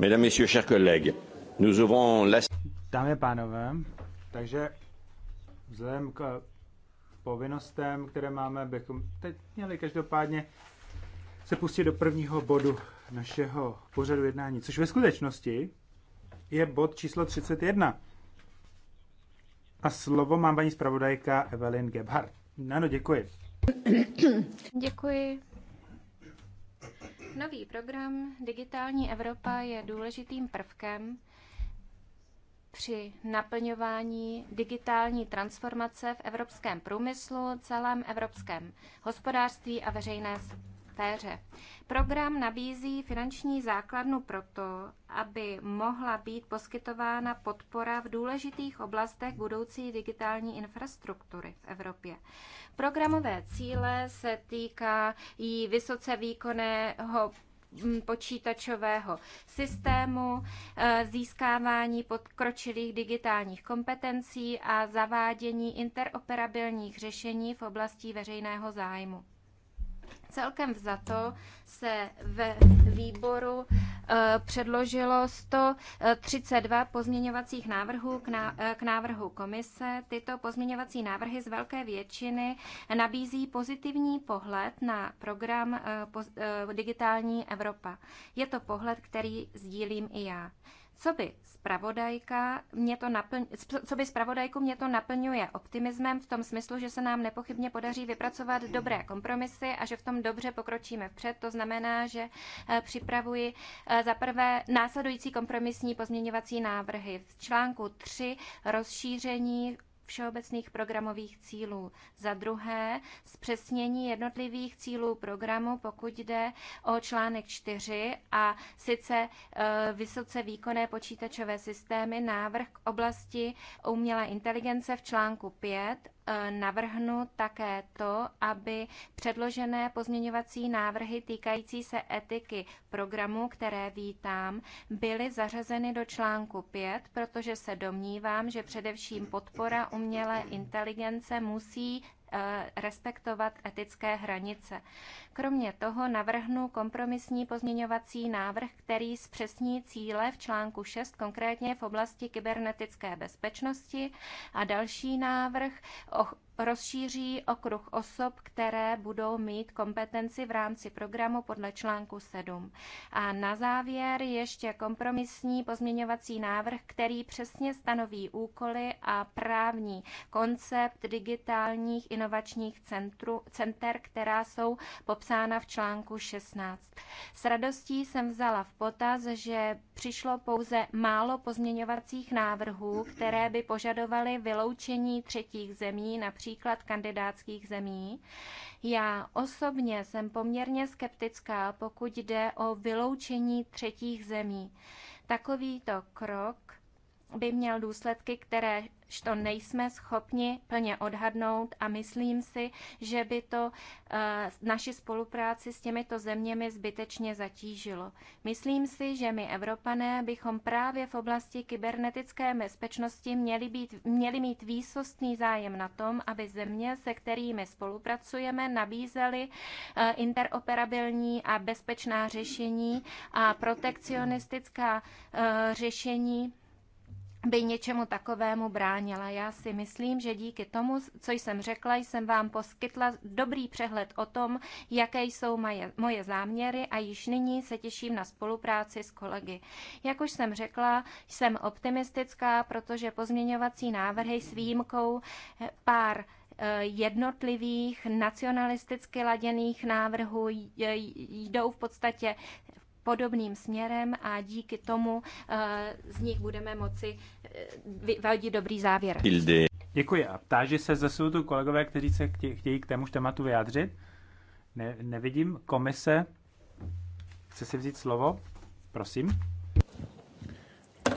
Mesdames, Messieurs, chers collègues, nous ouvrons la... Dámy a pánové, takže vzhledem k povinnostem, které máme, bychom teď měli každopádně se pustit do prvního bodu našeho pořadu jednání, což ve skutečnosti je bod číslo 31. A slovo mám paní zpravodajka Evelyn Gebhardt. Ano, děkuji. Děkuji, Nový program Digitální Evropa je důležitým prvkem při naplňování digitální transformace v evropském průmyslu, celém evropském hospodářství a veřejné aktéře. Program nabízí finanční základnu proto, aby mohla být poskytována podpora v důležitých oblastech budoucí digitální infrastruktury v Evropě. Programové cíle se týká i vysoce výkonného mm, počítačového systému, e, získávání podkročilých digitálních kompetencí a zavádění interoperabilních řešení v oblasti veřejného zájmu. Celkem za to se ve výboru eh, předložilo 132 eh, pozměňovacích návrhů eh, k návrhu komise. Tyto pozměňovací návrhy z velké většiny nabízí pozitivní pohled na program Digitální Evropa. Je to pohled, který sdílím i já. Co by spravodajka mě to naplň, co by spravodajku mě to naplňuje optimismem v tom smyslu, že se nám nepochybně podaří vypracovat dobré kompromisy a že v tom dobře pokročíme vpřed. To znamená, že eh, připravuji eh, za prvé následující kompromisní pozměňovací návrhy. V článku 3 rozšíření všeobecných programových cílů. Za druhé, zpřesnění jednotlivých cílů programu, pokud jde o článek 4 a sice e, vysoce výkonné počítačové systémy, návrh k oblasti umělé inteligence v článku 5 navrhnu také to, aby předložené pozměňovací návrhy týkající se etiky programu, které vítám, byly zařazeny do článku 5, protože se domnívám, že především podpora umělé inteligence musí Eh, respektovat etické hranice. Kromě toho navrhnu kompromisní pozměňovací návrh, který zpřesní cíle v článku 6, konkrétně v oblasti kybernetické bezpečnosti a další návrh rozšíří okruh osob, které budou mít kompetenci v rámci programu podle článku 7. A na závěr ještě kompromisní pozměňovací návrh, který přesně stanoví úkoly a právní koncept digitálních inovačních centru, center, která jsou popsána v článku 16. S radostí jsem vzala v potaz, že přišlo pouze málo pozměňovacích návrhů, které by požadovaly vyloučení třetích zemí, například příklad kandidátských zemí. Já osobně jsem poměrně skeptická, pokud jde o vyloučení třetích zemí. Takovýto krok by měl důsledky, které to nejsme schopni plně odhadnout a myslím si, že by to eh, naši spolupráci s těmito zeměmi zbytečně zatížilo. Myslím si, že my Evropané bychom právě v oblasti kybernetické bezpečnosti měli, být, měli mít výsostný zájem na tom, aby země, se kterými spolupracujeme, nabízely eh, interoperabilní a bezpečná řešení a protekcionistická eh, řešení by něčemu takovému bránila. Já si myslím, že díky tomu, co jsem řekla, jsem vám poskytla dobrý přehled o tom, jaké jsou moje, moje záměry a již nyní se těším na spolupráci s kolegy. Jak už jsem řekla, jsem optimistická, protože pozměňovací návrhy s výjimkou eh, pár eh, jednotlivých nacionalisticky laděných návrhů jdou v podstatě podobným směrem a díky tomu eh, z nich budeme moci eh, vyvodit dobrý závěr. Děkuji a ptáži se, zase jsou tu kolegové, kteří se chtějí k témuž tématu vyjádřit. Ne, nevidím. Komise chce si vzít slovo? Prosím.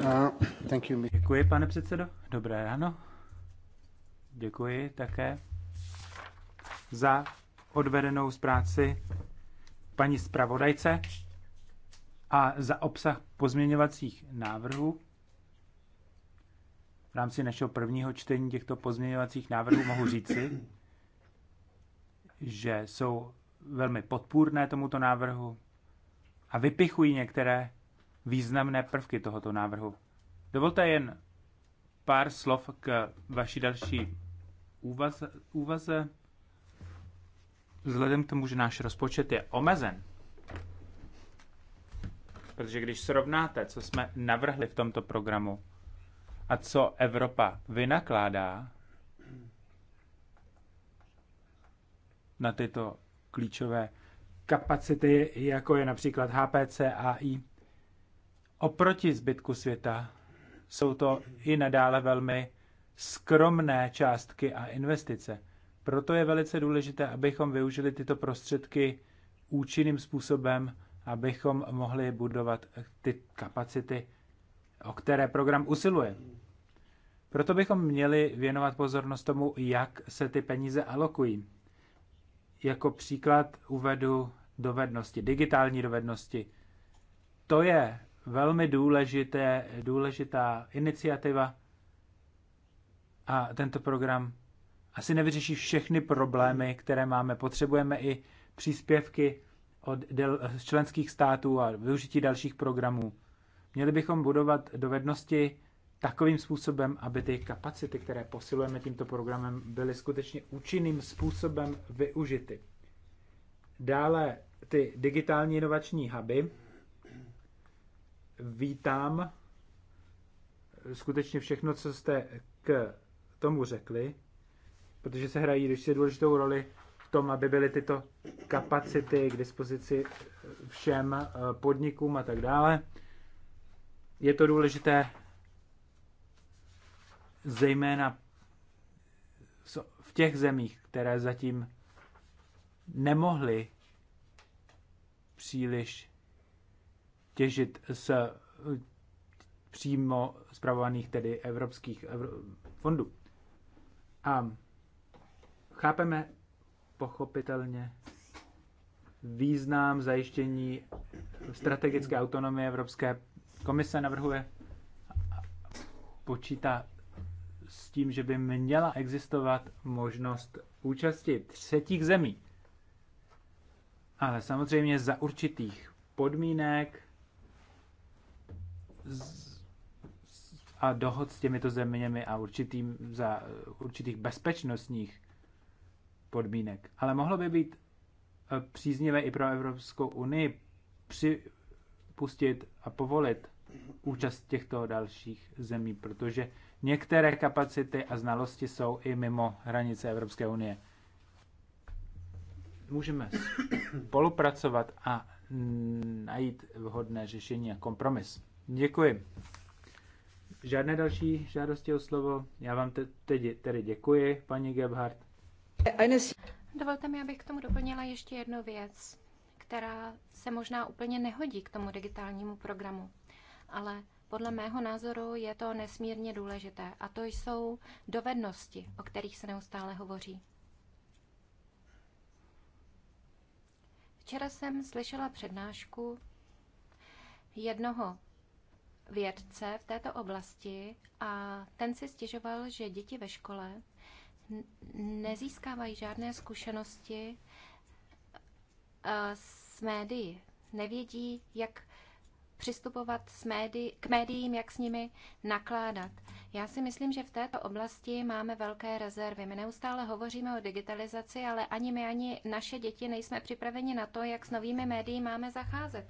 Uh, thank you. Děkuji, pane předsedo. Dobré ráno. Děkuji také za odvedenou z práci paní zpravodajce a za obsah pozměňovacích návrhů. V rámci našeho prvního čtení těchto pozměňovacích návrhů mohu říci, že jsou velmi podpůrné tomuto návrhu a vypichují některé významné prvky tohoto návrhu. Dovolte jen pár slov k vaší další úvaze. úvaze. Vzhledem k tomu, že náš rozpočet je omezen, Protože když srovnáte, co jsme navrhli v tomto programu a co Evropa vynakládá na tyto klíčové kapacity, jako je například HPC a i oproti zbytku světa jsou to i nadále velmi skromné částky a investice. Proto je velice důležité, abychom využili tyto prostředky účinným způsobem abychom mohli budovat ty kapacity, o které program usiluje. Proto bychom měli věnovat pozornost tomu, jak se ty peníze alokují. Jako příklad uvedu dovednosti, digitální dovednosti. To je velmi důležité, důležitá iniciativa a tento program asi nevyřeší všechny problémy, které máme. Potřebujeme i příspěvky od del, z členských států a využití dalších programů. Měli bychom budovat dovednosti takovým způsobem, aby ty kapacity, které posilujeme tímto programem, byly skutečně účinným způsobem využity. Dále ty digitální inovační huby. Vítám skutečně všechno, co jste k tomu řekli, protože se hrají ještě důležitou roli tom, aby byly tyto kapacity k dispozici všem eh, podnikům a tak dále. Je to důležité zejména v těch zemích, které zatím nemohly příliš těžit z eh, přímo zpravovaných tedy evropských fondů. A chápeme pochopitelně význam zajištění strategické autonomie Evropské komise navrhuje počítá s tím, že by měla existovat možnost účasti třetích zemí. Ale samozřejmě za určitých podmínek a dohod s těmito zeměmi a určitým, za určitých bezpečnostních podmínek. Ale mohlo by být eh, příznivé i pro Evropskou unii připustit a povolit účast těchto dalších zemí, protože některé kapacity a znalosti jsou i mimo hranice Evropské unie. Můžeme spolupracovat a najít vhodné řešení a kompromis. Děkuji. Žádné další žádosti o slovo. Já vám te- teď tedy děkuji, paní Gebhardt. Dovolte mi, abych k tomu doplnila ještě jednu věc, která se možná úplně nehodí k tomu digitálnímu programu, ale podle mého názoru je to nesmírně důležité a to jsou dovednosti, o kterých se neustále hovoří. Včera jsem slyšela přednášku jednoho vědce v této oblasti a ten si stěžoval, že děti ve škole nezískávají žádné zkušenosti eh, s médií. Nevědí, jak přistupovat s médií, k médiím, jak s nimi nakládat. Já si myslím, že v této oblasti máme velké rezervy. My neustále hovoříme o digitalizaci, ale ani my, ani naše děti nejsme připraveni na to, jak s novými médií máme zacházet.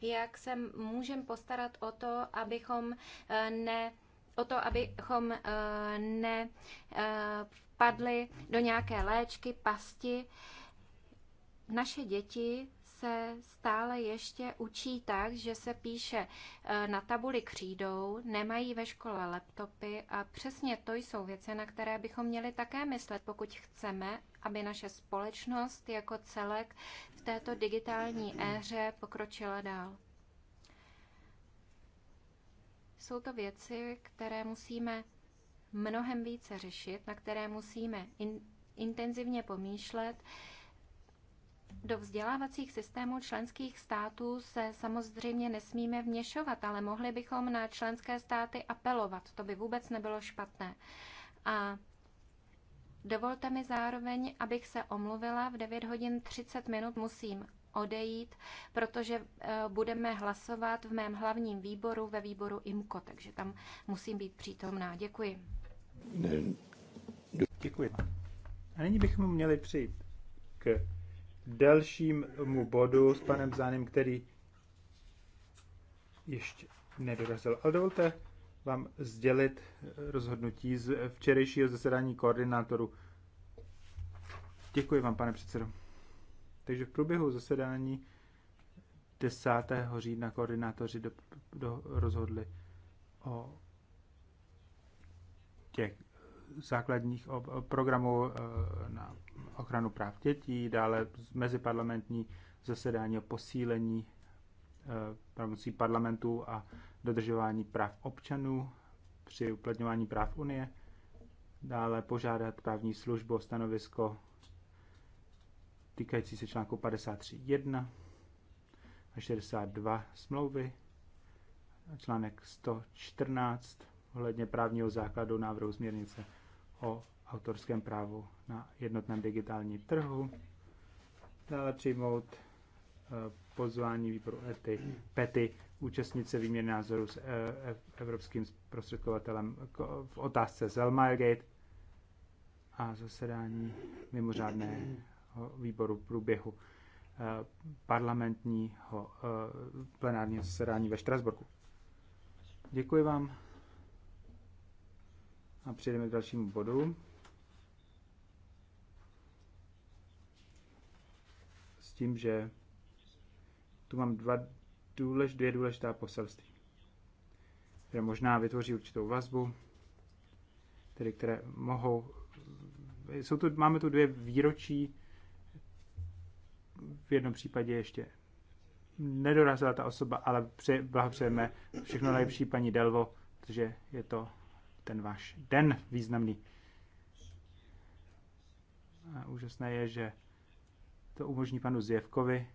Jak se můžeme postarat o to, abychom eh, ne o to, abychom eh, ne padly do nějaké léčky, pasti. Naše děti se stále ještě učí tak, že se píše e, na tabuli křídou, nemají ve škole laptopy a přesně to jsou věci, na které bychom měli také myslet, pokud chceme, aby naše společnost jako celek v této digitální éře pokročila dál. Jsou to věci, které musíme mnohem více řešit, na které musíme in, intenzivně pomýšlet. Do vzdělávacích systémů členských států se samozřejmě nesmíme vněšovat, ale mohli bychom na členské státy apelovat. To by vůbec nebylo špatné. A dovolte mi zároveň, abych se omluvila. V 9 hodin 30 minut musím odejít, protože eh, budeme hlasovat v mém hlavním výboru ve výboru IMKO, takže tam musím být přítomná. Děkuji. Děkuji. A nyní bychom měli přijít k dalšímu bodu s panem Zánem, který ještě nedorazil. Ale dovolte vám sdělit rozhodnutí z včerejšího zasedání koordinátoru. Děkuji vám, pane předsedo. Takže v průběhu zasedání 10. října koordinátoři do, do, rozhodli o těch základních programů eh, na ochranu práv dětí, dále meziparlamentní zasedání o posílení eh, pravomocí parlamentu a dodržování práv občanů při uplatňování práv Unie, dále požádat právní službu o stanovisko týkající se článku 53.1 a 62 smlouvy, článek 114 ohledně právního základu návrhu směrnice o autorském právu na jednotném digitálním trhu. Dále přijmout eh, pozvání výboru ETI, PETI, účastnice výměny názoru s eh, evropským prostředkovatelem v otázce Zelmairgate a zasedání mimořádného výboru průběhu eh, parlamentního plenárního zasedání ve Štrasburku. Děkuji vám a přejdeme k dalšímu bodu. S tím, že tu mám dva důlež, dvě důležitá poselství, které možná vytvoří určitou vazbu, tedy které mohou... Jsou tu, máme tu dvě výročí, v jednom případě ještě nedorazila ta osoba, ale pře, blahopřejeme všechno nejlepší paní Delvo, protože je to ten váš den významný. A úžasné je, že to umožní panu Zjevkovi.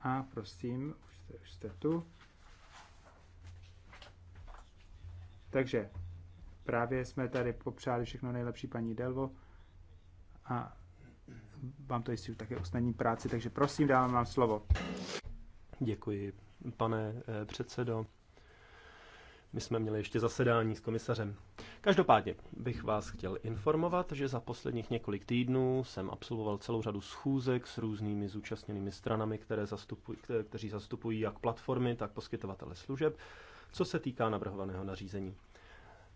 A prosím, už jste, už jste tu. Takže právě jsme tady popřáli všechno nejlepší paní Delvo a vám to jistě také usnadní práci, takže prosím, dávám vám slovo. Děkuji, pane eh, předsedo. My jsme měli ještě zasedání s komisařem. Každopádně bych vás chtěl informovat, že za posledních několik týdnů jsem absolvoval celou řadu schůzek s různými zúčastněnými stranami, které zastupují, které, kteří zastupují jak platformy, tak poskytovatele služeb, co se týká navrhovaného nařízení.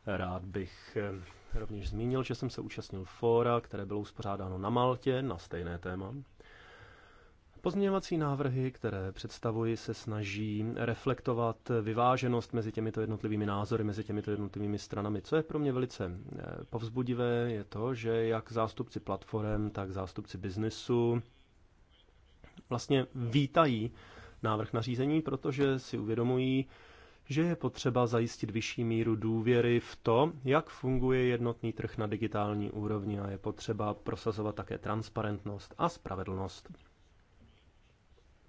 Rád bych eh, rovněž zmínil, že jsem se účastnil fóra, které bylo uspořádáno na Maltě na stejné téma, Pozměňovací návrhy, které představuji, se snaží reflektovat vyváženost mezi těmito jednotlivými názory, mezi těmito jednotlivými stranami. Co je pro mě velice eh, povzbudivé, je to, že jak zástupci platform, tak zástupci biznesu vlastně vítají návrh nařízení, protože si uvědomují, že je potřeba zajistit vyšší míru důvěry v to, jak funguje jednotný trh na digitální úrovni a je potřeba prosazovat také transparentnost a spravedlnost.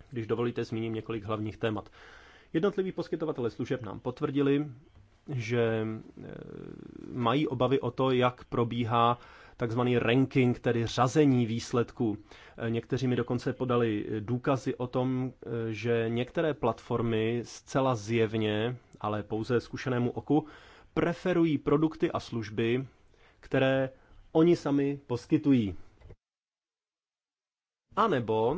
Když dovolíte, zmíním několik hlavních témat. Jednotliví poskytovatelé služeb nám potvrdili, že e, mají obavy o to, jak probíhá takzvaný ranking, tedy řazení výsledků. E, někteří mi dokonce podali důkazy o tom, e, že některé platformy zcela zjevně, ale pouze zkušenému oku, preferují produkty a služby, které oni sami poskytují. A nebo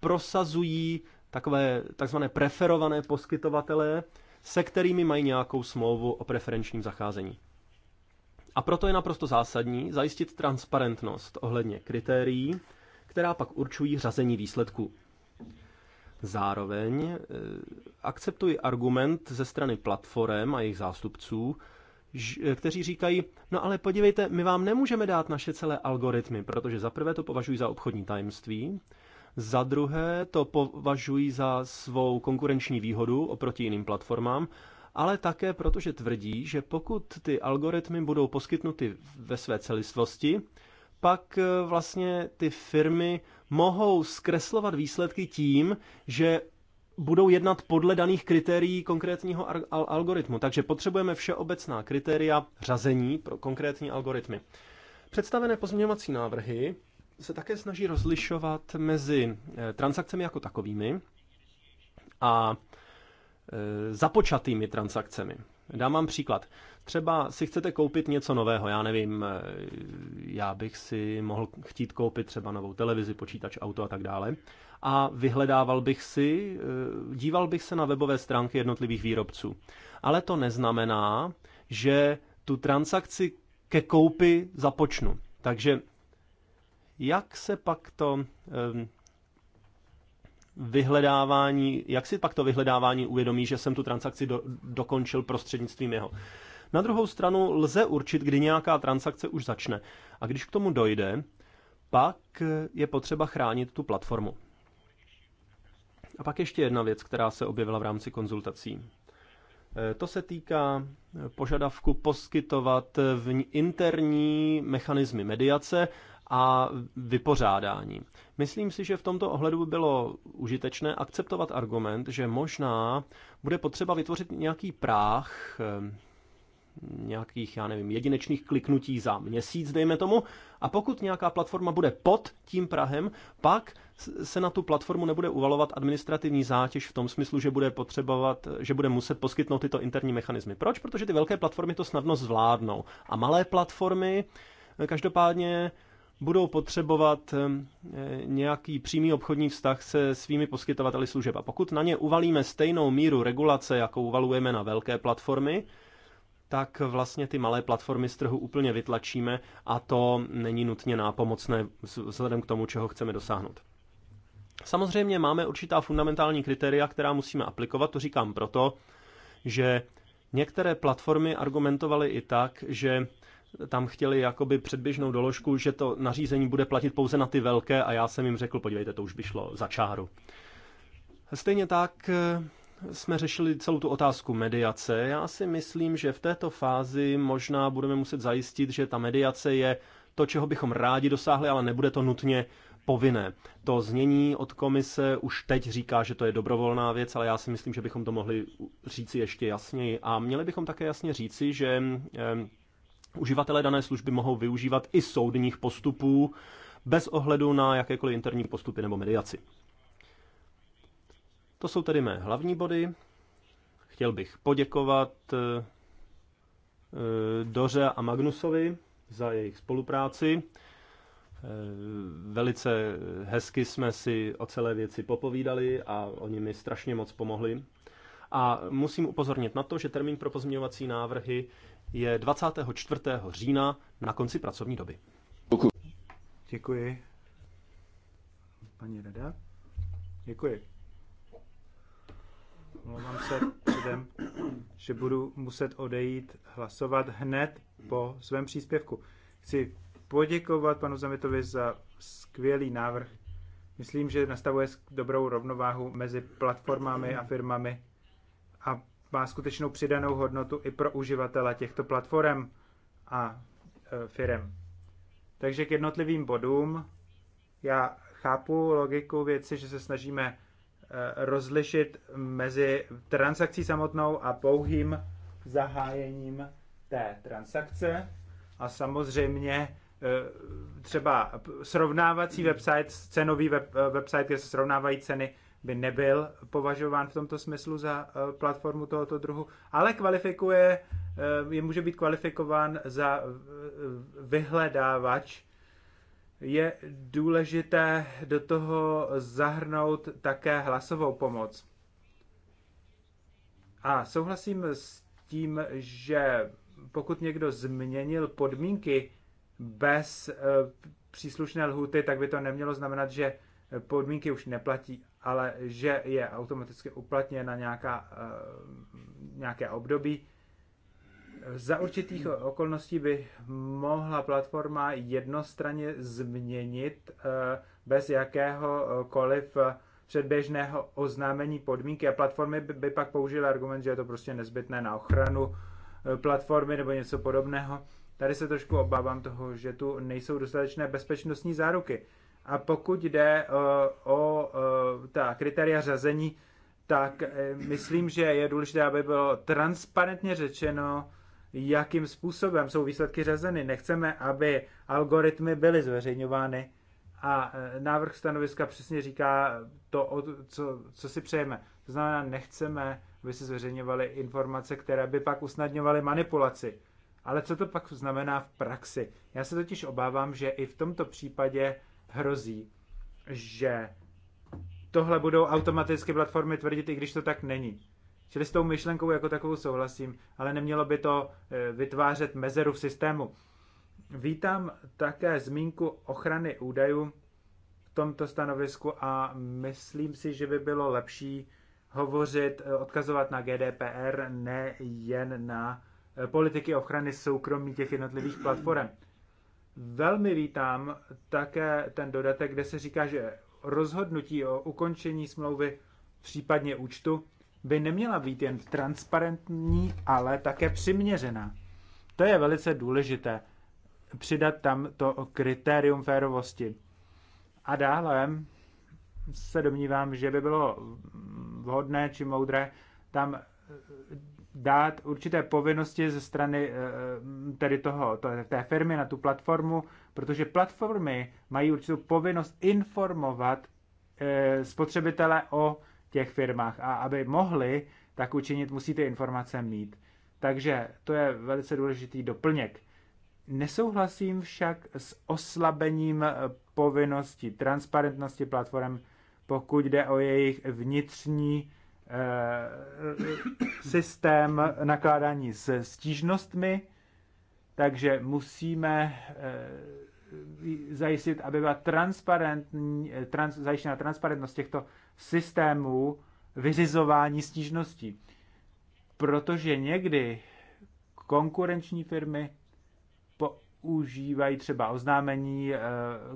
prosazují takové takzvané preferované poskytovatele, se kterými mají nějakou smlouvu o preferenčním zacházení. A proto je naprosto zásadní zajistit transparentnost ohledně kritérií, která pak určují řazení výsledků. Zároveň e, akceptuji argument ze strany platform a jejich zástupců, e, kteří říkají, no ale podívejte, my vám nemůžeme dát naše celé algoritmy, protože za prvé to považuji za obchodní tajemství za druhé to považují za svou konkurenční výhodu oproti jiným platformám, ale také protože tvrdí, že pokud ty algoritmy budou poskytnuty ve své celistvosti, pak e, vlastně ty firmy mohou zkreslovat výsledky tím, že budou jednat podle daných kritérií konkrétního algoritmu. Takže potřebujeme všeobecná kritéria řazení pro konkrétní algoritmy. Představené pozměňovací návrhy se také snaží rozlišovat mezi eh, transakcemi jako takovými a eh, započatými transakcemi. Dám vám příklad. Třeba si chcete koupit něco nového, já nevím, eh, já bych si mohl chtít koupit třeba novou televizi, počítač, auto a tak dále. A vyhledával bych si, díval bych se na webové stránky jednotlivých výrobců. Ale to neznamená, že tu transakci ke koupi započnu. Takže jak se pak to vyhledávání, jak si pak to vyhledávání uvědomí, že jsem tu transakci do, dokončil prostřednictvím jeho. Na druhou stranu lze určit, kdy nějaká transakce už začne. A když k tomu dojde, pak je potřeba chránit tu platformu. A pak ještě jedna věc, která se objevila v rámci konzultací. E, to se týká požadavku poskytovat interní mechanismy mediace a vypořádání. Myslím si, že v tomto ohledu by bylo užitečné akceptovat argument, že možná bude potřeba vytvořit nějaký práh eh, nějakých, já nevím, jedinečných kliknutí za měsíc, dejme tomu, a pokud nějaká platforma bude pod tím Prahem, pak se na tu platformu nebude uvalovat administrativní zátěž v tom smyslu, že bude potřebovat, že bude muset poskytnout tyto interní mechanismy. Proč? Protože ty velké platformy to snadno zvládnou a malé platformy eh, každopádně budou potřebovat eh, nějaký přímý obchodní vztah se svými poskytovateli služeb. A pokud na ně uvalíme stejnou míru regulace, jakou uvalujeme na velké platformy, tak vlastně ty malé platformy z trhu úplně vytlačíme a to není nutně nápomocné vzhledem k tomu, čeho chceme dosáhnout. Samozřejmě máme určitá fundamentální kritéria, která musíme aplikovat, to říkám proto, že některé platformy argumentovaly i tak, že tam chtěli jakoby předběžnou doložku, že to nařízení bude platit pouze na ty velké a já jsem jim řekl, podívejte, to už by šlo za čáru. Stejně tak eh, jsme řešili celou tu otázku mediace. Já si myslím, že v této fázi možná budeme muset zajistit, že ta mediace je to, čeho bychom rádi dosáhli, ale nebude to nutně povinné. To znění od komise už teď říká, že to je dobrovolná věc, ale já si myslím, že bychom to mohli říci ještě jasněji. A měli bychom také jasně říci, že eh, uživatelé dané služby mohou využívat i soudních postupů bez ohledu na jakékoliv interní postupy nebo mediaci. To jsou tedy mé hlavní body. Chtěl bych poděkovat eh, eh, Doře a Magnusovi za jejich spolupráci. Eh, velice hezky jsme si o celé věci popovídali a oni mi strašně moc pomohli. A musím upozornit na to, že termín pro pozměňovací návrhy je 24. října na konci pracovní doby. Děkuji. Děkuji. Paní Rada. Děkuji. Mluvám se předem, že budu muset odejít hlasovat hned po svém příspěvku. Chci poděkovat panu Zemitovi za skvělý návrh. Myslím, že nastavuje dobrou rovnováhu mezi platformami a firmami a má skutečnou přidanou hodnotu i pro uživatele těchto platform a e, firm. Takže k jednotlivým bodům. Já chápu logiku věci, že se snažíme e, rozlišit mezi transakcí samotnou a pouhým zahájením té transakce. A samozřejmě e, třeba srovnávací website, cenový web, website, kde se srovnávají ceny by nebyl považován v tomto smyslu za eh, platformu tohoto druhu, ale kvalifikuje, eh, je může být kvalifikován za eh, vyhledávač. Je důležité do toho zahrnout také hlasovou pomoc. A souhlasím s tím, že pokud někdo změnil podmínky bez příslušné lhuty, tak by to nemělo znamenat, že podmínky už neplatí, ale že je automaticky uplatněna nějaká, eh, nějaké období. Za určitých okolností by mohla platforma jednostranně změnit eh, bez jakéhokoliv předběžného oznámení podmínky a platformy by pak použily argument, že je to prostě nezbytné na ochranu eh, platformy nebo něco podobného. Tady se trošku obávám toho, že tu nejsou dostatečné bezpečnostní záruky. A pokud jde eh, o, o eh, ta kritéria řazení, tak eh, myslím, že je důležité, aby bylo transparentně řečeno, jakým způsobem jsou výsledky řazeny. Nechceme, aby algoritmy byly zveřejňovány a návrh stanoviska přesně říká to, co, co si přejeme. To znamená, nechceme, aby se zveřejňovaly informace, které by pak usnadňovaly manipulaci. Ale co to pak znamená v praxi? Já se totiž obávám, že i v tomto případě hrozí, že tohle budou automaticky platformy tvrdit, i když to tak není. Čili s tou myšlenkou jako takovou souhlasím, ale nemělo by to eh, vytvářet mezeru v systému. Vítám také zmínku ochrany údajů v tomto stanovisku a myslím si, že by bylo lepší hovořit, eh, odkazovat na GDPR, ne jen na eh, politiky ochrany soukromí těch jednotlivých platform. Velmi vítám také ten dodatek, kde se říká, že rozhodnutí o ukončení smlouvy, případně účtu, by neměla být jen transparentní, ale také přiměřená. To je velice důležité, přidat tam to kritérium férovosti. A dále se domnívám, že by bylo vhodné či moudré tam dát určité povinnosti ze strany eh, eh, tedy toho, té firmy na tu platformu, protože platformy mají určitou povinnost informovat eh, spotřebitele o těch firmách a aby mohli tak učinit, musí ty informace mít. Takže to je velice důležitý doplněk. Nesouhlasím však s oslabením povinnosti transparentnosti platform, pokud jde o jejich vnitřní Eh, systém nakládání s stížnostmi, takže musíme eh, zajistit, aby byla transparentní, eh, trans, zajištěna transparentnost těchto systémů vyřizování stížností. Protože někdy konkurenční firmy používají třeba oznámení,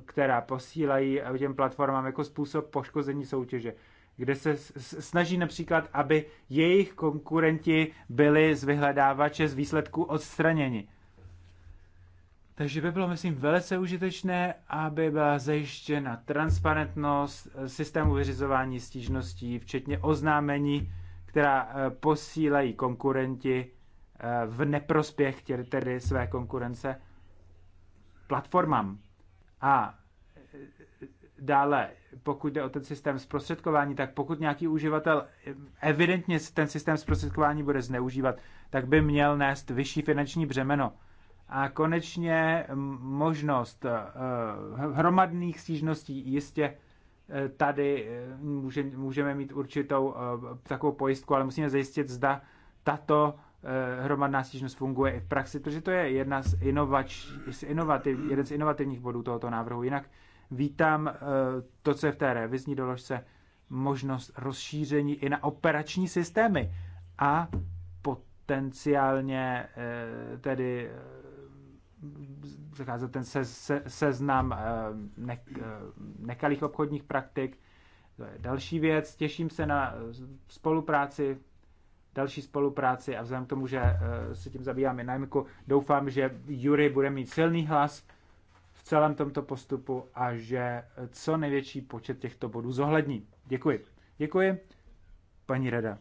která posílají těm platformám jako způsob poškození soutěže kde se snaží například, aby jejich konkurenti byli z vyhledávače z výsledků odstraněni. Takže by bylo, myslím, velice užitečné, aby byla zajištěna transparentnost eh, systému vyřizování stížností, včetně oznámení, která eh, posílají konkurenti eh, v neprospěch tedy své konkurence platformám. A dále pokud jde o ten systém zprostředkování, tak pokud nějaký uživatel evidentně ten systém zprostředkování bude zneužívat, tak by měl nést vyšší finanční břemeno. A konečně možnost eh, hromadných stížností jistě eh, tady eh, můžeme mít určitou takovou pojistku, ale musíme zajistit, zda tato hromadná stížnost funguje i v praxi, protože to je jedna z, inovač, jeden z inovativních bodů tohoto návrhu. Jinak Vítám eh, to, co je v té revizní doložce, možnost rozšíření i na operační systémy a potenciálně eh, tedy eh, zakázat ten se, se, seznam ne, nekalých obchodních praktik. To je další věc. Těším se na spolupráci, další spolupráci a vzhledem k tomu, že se tím zabýváme najmku, doufám, že Jury bude mít silný hlas v celém tomto postupu a že co největší počet těchto bodů zohlední. Děkuji. Děkuji, paní Reda.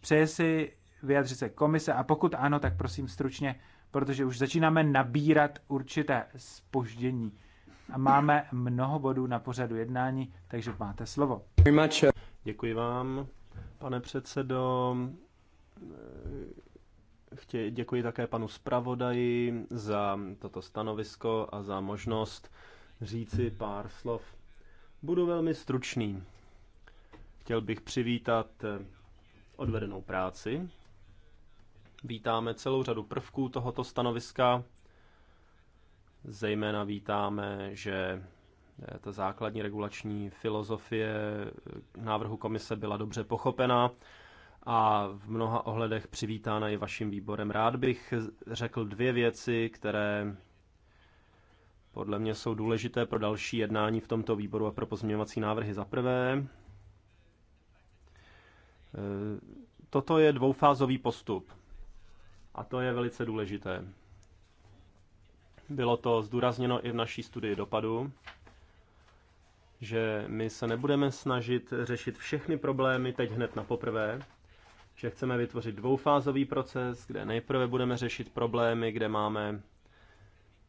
Přeje si vyjadřit se komise a pokud ano, tak prosím stručně, protože už začínáme nabírat určité spoždění a máme mnoho bodů na pořadu jednání, takže máte slovo. Děkuji vám, pane předsedo. Chtě, děkuji také panu zpravodaji za toto stanovisko a za možnost říci pár slov. Budu velmi stručný. Chtěl bych přivítat eh, odvedenou práci. Vítáme celou řadu prvků tohoto stanoviska. Zejména vítáme, že eh, ta základní regulační filozofie eh, návrhu komise byla dobře pochopena a v mnoha ohledech přivítána i vaším výborem. Rád bych řekl dvě věci, které podle mě jsou důležité pro další jednání v tomto výboru a pro pozměňovací návrhy. Za prvé, eh, toto je dvoufázový postup a to je velice důležité. Bylo to zdůrazněno i v naší studii dopadu, že my se nebudeme snažit řešit všechny problémy teď hned na poprvé, že chceme vytvořit dvoufázový proces, kde nejprve budeme řešit problémy, kde máme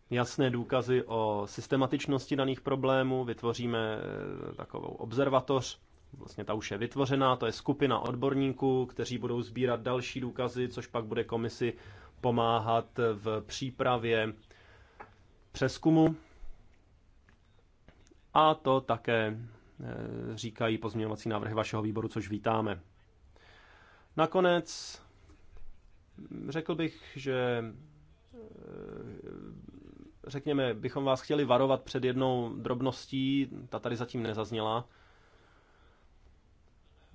jasné důkazy o systematičnosti daných problémů, vytvoříme eh, takovou observatoř, vlastně ta už je vytvořená, to je skupina odborníků, kteří budou sbírat další důkazy, což pak bude komisi pomáhat v přípravě přeskumu. A to také eh, říkají pozměňovací návrhy vašeho výboru, což vítáme. Nakonec řekl bych, že e, řekněme, bychom vás chtěli varovat před jednou drobností, ta tady zatím nezazněla.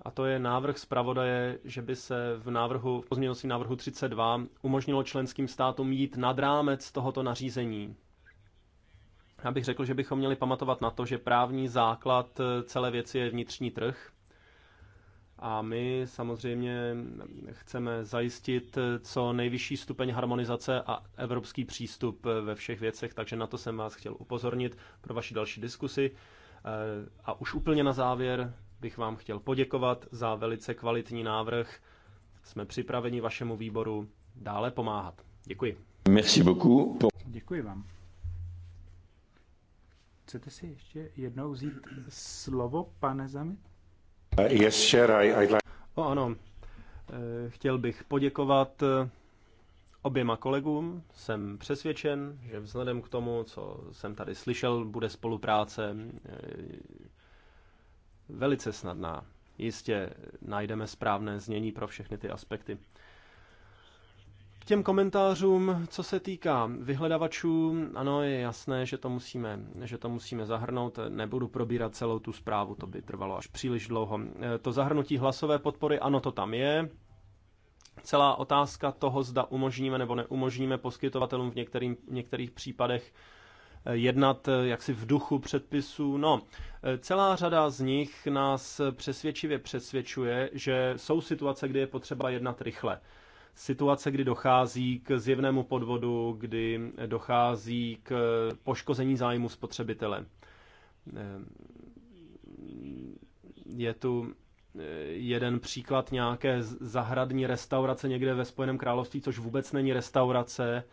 A to je návrh zpravodaje, že by se v návrhu, v pozměňovacím návrhu 32 umožnilo členským státům jít nad rámec tohoto nařízení. Já bych řekl, že bychom měli pamatovat na to, že právní základ e, celé věci je vnitřní trh a my samozřejmě chceme zajistit co nejvyšší stupeň harmonizace a evropský přístup ve všech věcech, takže na to jsem vás chtěl upozornit pro vaši další diskusi. Eh, a už úplně na závěr bych vám chtěl poděkovat za velice kvalitní návrh. Jsme připraveni vašemu výboru dále pomáhat. Děkuji. Merci beaucoup. Děkuji vám. Chcete si ještě jednou vzít slovo, pane Zamit? O ano, eh, chtěl bych poděkovat eh, oběma kolegům. Jsem přesvědčen, že vzhledem k tomu, co jsem tady slyšel, bude spolupráce eh, velice snadná. Jistě najdeme správné znění pro všechny ty aspekty těm komentářům, co se týká vyhledavačů, ano, je jasné, že to musíme, že to musíme zahrnout. Nebudu probírat celou tu zprávu, to by trvalo až příliš dlouho. E, to zahrnutí hlasové podpory, ano, to tam je. Celá otázka toho, zda umožníme nebo neumožníme poskytovatelům v některým, některých případech e, jednat e, jaksi v duchu předpisů. No, celá řada z nich nás přesvědčivě přesvědčuje, že jsou situace, kdy je potřeba jednat rychle situace, kdy dochází k zjevnému podvodu, kdy dochází k poškození zájmu spotřebitele. Eh, je tu eh, jeden příklad nějaké zahradní restaurace někde ve Spojeném království, což vůbec není restaurace,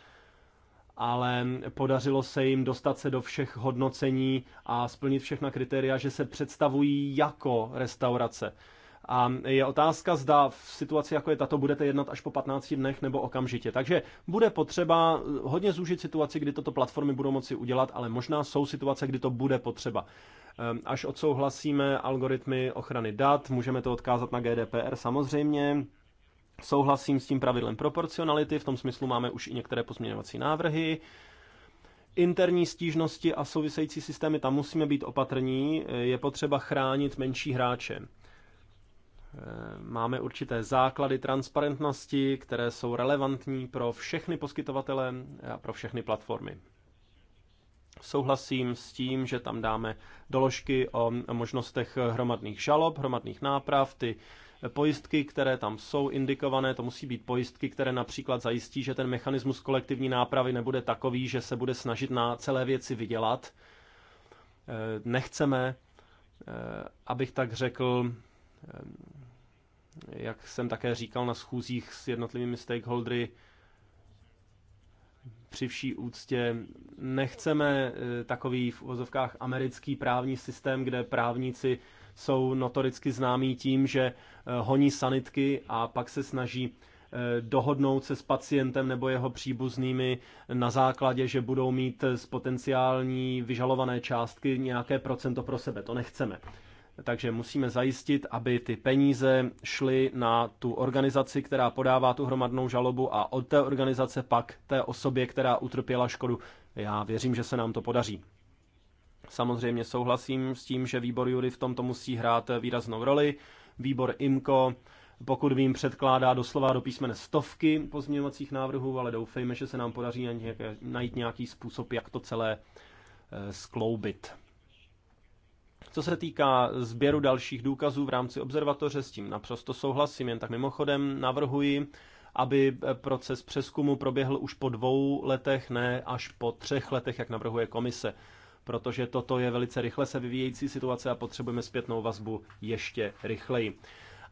ale podařilo se jim dostat se do všech hodnocení a splnit všechna kritéria, že se představují jako restaurace. A je otázka, zda v situaci, jako je tato, budete jednat až po 15 dnech nebo okamžitě. Takže bude potřeba hodně zúžit situaci, kdy toto platformy budou moci udělat, ale možná jsou situace, kdy to bude potřeba. Ehm, až odsouhlasíme algoritmy ochrany dat, můžeme to odkázat na GDPR samozřejmě. Souhlasím s tím pravidlem proporcionality, v tom smyslu máme už i některé pozměňovací návrhy interní stížnosti a související systémy, tam musíme být opatrní, je potřeba chránit menší hráče. Eh, máme určité základy transparentnosti, které jsou relevantní pro všechny poskytovatele a pro všechny platformy. Souhlasím s tím, že tam dáme doložky o možnostech hromadných žalob, hromadných náprav, ty pojistky, které tam jsou indikované, to musí být pojistky, které například zajistí, že ten mechanismus kolektivní nápravy nebude takový, že se bude snažit na celé věci vydělat. Eh, nechceme, eh, abych tak řekl, jak jsem také říkal na schůzích s jednotlivými stakeholdery, při vší úctě nechceme eh, takový v uvozovkách americký právní systém, kde právníci jsou notoricky známí tím, že eh, honí sanitky a pak se snaží eh, dohodnout se s pacientem nebo jeho příbuznými na základě, že budou mít z potenciální vyžalované částky nějaké procento pro sebe. To nechceme takže musíme zajistit, aby ty peníze šly na tu organizaci, která podává tu hromadnou žalobu a od té organizace pak té osobě, která utrpěla škodu. Já věřím, že se nám to podaří. Samozřejmě souhlasím s tím, že výbor Jury v tomto musí hrát výraznou roli. Výbor IMKO, pokud vím, předkládá doslova do písmene stovky pozměňovacích návrhů, ale doufejme, že se nám podaří najít nějaký způsob, jak to celé eh, skloubit. Co se týká sběru dalších důkazů v rámci observatoře, s tím naprosto souhlasím. Jen tak mimochodem navrhuji, aby eh, proces přeskumu proběhl už po dvou letech, ne až po třech letech, jak navrhuje komise. Protože toto je velice rychle se vyvíjející situace a potřebujeme zpětnou vazbu ještě rychleji.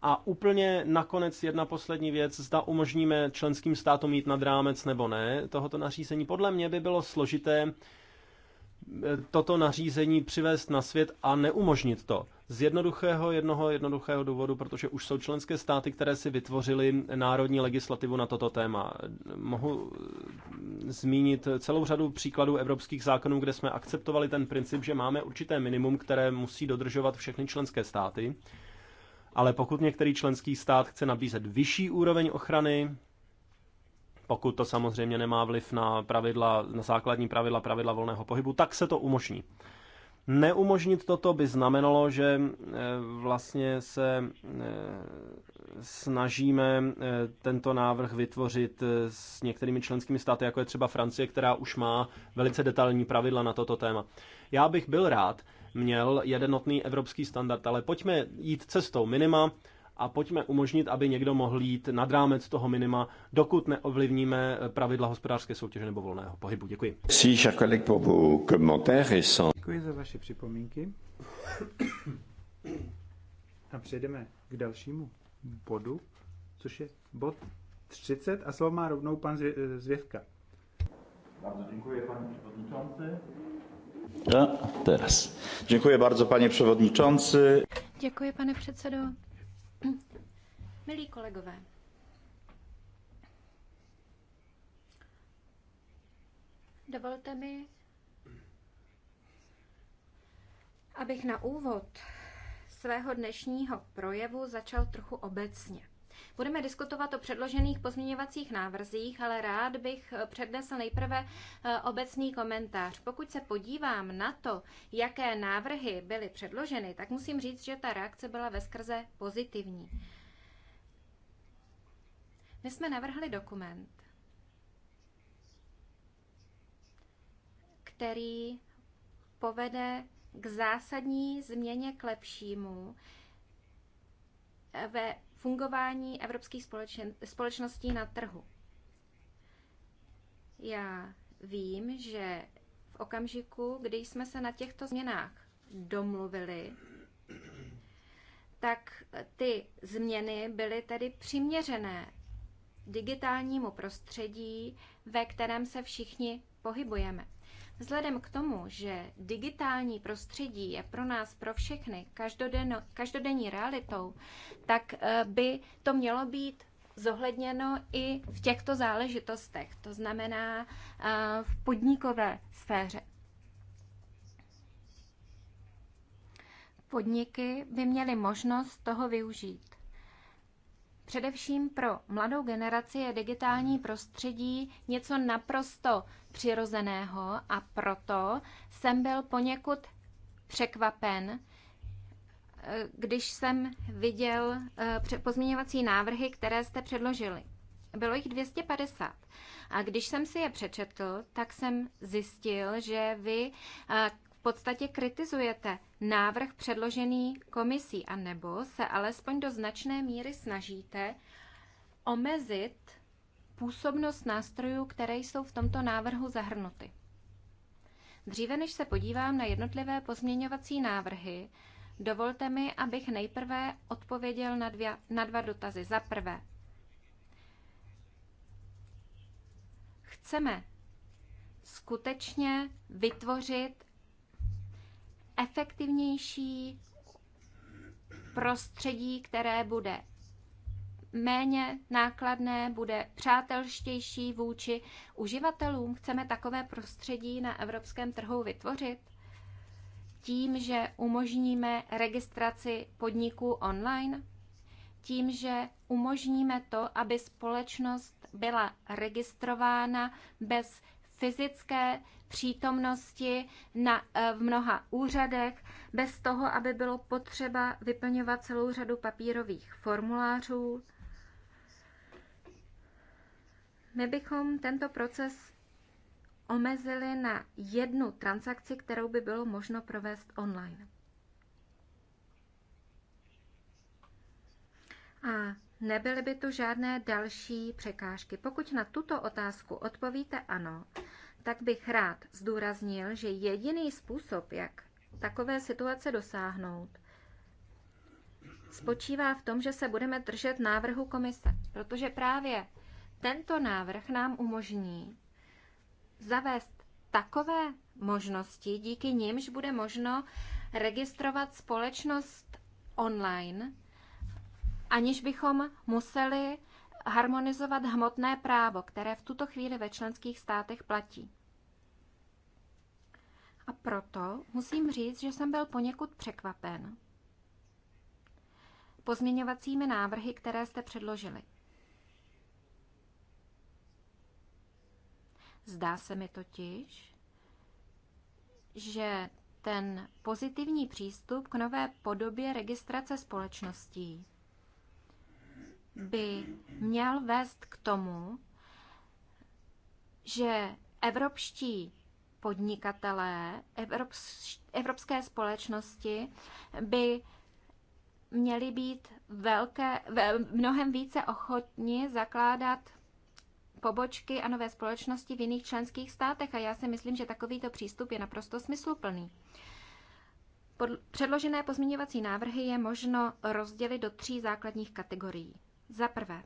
A úplně nakonec jedna poslední věc, zda umožníme členským státům jít nad rámec nebo ne tohoto nařízení. Podle mě by bylo složité toto nařízení přivést na svět a neumožnit to. Z jednoduchého, jednoho jednoduchého důvodu, protože už jsou členské státy, které si vytvořily národní legislativu na toto téma. Mohu zmínit celou řadu příkladů evropských zákonů, kde jsme akceptovali ten princip, že máme určité minimum, které musí dodržovat všechny členské státy. Ale pokud některý členský stát chce nabízet vyšší úroveň ochrany, pokud to samozřejmě nemá vliv na pravidla, na základní pravidla, pravidla volného pohybu, tak se to umožní. Neumožnit toto by znamenalo, že eh, vlastně se eh, snažíme eh, tento návrh vytvořit s některými členskými státy, jako je třeba Francie, která už má velice detailní pravidla na toto téma. Já bych byl rád, měl jednotný evropský standard, ale pojďme jít cestou minima, a pojďme umožnit, aby někdo mohl jít nad rámec toho minima, dokud neovlivníme eh, pravidla hospodářské soutěže nebo volného pohybu. Děkuji. Děkuji za vaše připomínky. A přejdeme k dalšímu bodu, což je bod 30 a slovo má rovnou pan eh, Zvěvka. Bardzo dziękuję panie przewodniczący. A teraz. Dziękuję bardzo panie przewodniczący. Děkuji, pane předsedo. Milí kolegové, dovolte mi, abych na úvod svého dnešního projevu začal trochu obecně. Budeme diskutovat o předložených pozměňovacích návrzích, ale rád bych přednesl nejprve eh, obecný komentář. Pokud se podívám na to, jaké návrhy byly předloženy, tak musím říct, že ta reakce byla veskrze pozitivní. My jsme navrhli dokument, který povede k zásadní změně k lepšímu eh, ve fungování evropských společen, společností na trhu. Já vím, že v okamžiku, kdy jsme se na těchto změnách domluvili, tak ty změny byly tedy přiměřené digitálnímu prostředí, ve kterém se všichni pohybujeme. Vzhledem k tomu, že digitální prostředí je pro nás, pro všechny, každodenní realitou, tak eh, by to mělo být zohledněno i v těchto záležitostech, to znamená eh, v podnikové sféře. Podniky by měly možnost toho využít. Především pro mladou generaci je digitální prostředí něco naprosto přirozeného a proto jsem byl poněkud překvapen, eh, když jsem viděl eh, pozměňovací návrhy, které jste předložili. Bylo jich 250. A když jsem si je přečetl, tak jsem zjistil, že vy eh, podstatě kritizujete návrh předložený komisí, anebo se alespoň do značné míry snažíte omezit působnost nástrojů, které jsou v tomto návrhu zahrnuty. Dříve než se podívám na jednotlivé pozměňovací návrhy, dovolte mi, abych nejprve odpověděl na, dvě, na dva dotazy. Za prvé, chceme skutečně vytvořit efektivnější prostředí, které bude méně nákladné, bude přátelštější vůči uživatelům. Chceme takové prostředí na evropském trhu vytvořit tím, že umožníme registraci podniků online, tím, že umožníme to, aby společnost byla registrována bez fyzické přítomnosti na, eh, v mnoha úřadech, bez toho, aby bylo potřeba vyplňovat celou řadu papírových formulářů. My bychom tento proces omezili na jednu transakci, kterou by bylo možno provést online. A nebyly by tu žádné další překážky. Pokud na tuto otázku odpovíte ano, tak bych rád zdůraznil, že jediný způsob, jak takové situace dosáhnout, spočívá v tom, že se budeme držet návrhu komise, protože právě tento návrh nám umožní zavést takové možnosti, díky nimž bude možno registrovat společnost online, aniž bychom museli harmonizovat hmotné právo, které v tuto chvíli ve členských státech platí. A proto musím říct, že jsem byl poněkud překvapen pozměňovacími návrhy, které jste předložili. Zdá se mi totiž, že ten pozitivní přístup k nové podobě registrace společností by měl vést k tomu, že evropští podnikatelé, evropské společnosti by měli být velké, mnohem více ochotni zakládat pobočky a nové společnosti v jiných členských státech a já si myslím, že takovýto přístup je naprosto smysluplný. Předložené pozměňovací návrhy je možno rozdělit do tří základních kategorií. Za prvé,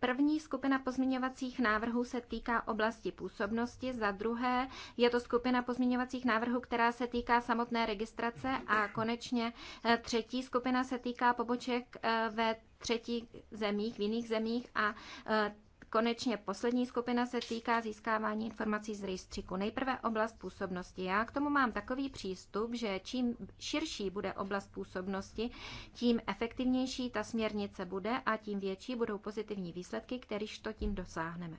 První skupina pozměňovacích návrhů se týká oblasti působnosti, za druhé je to skupina pozměňovacích návrhů, která se týká samotné registrace a konečně eh, třetí skupina se týká poboček eh, ve třetích zemích, v jiných zemích a eh, konečně poslední skupina se týká získávání informací z rejstříku. Nejprve oblast působnosti. Já k tomu mám takový přístup, že čím širší bude oblast působnosti, tím efektivnější ta směrnice bude a tím větší budou pozitivní výsledky, kterýž to tím dosáhneme.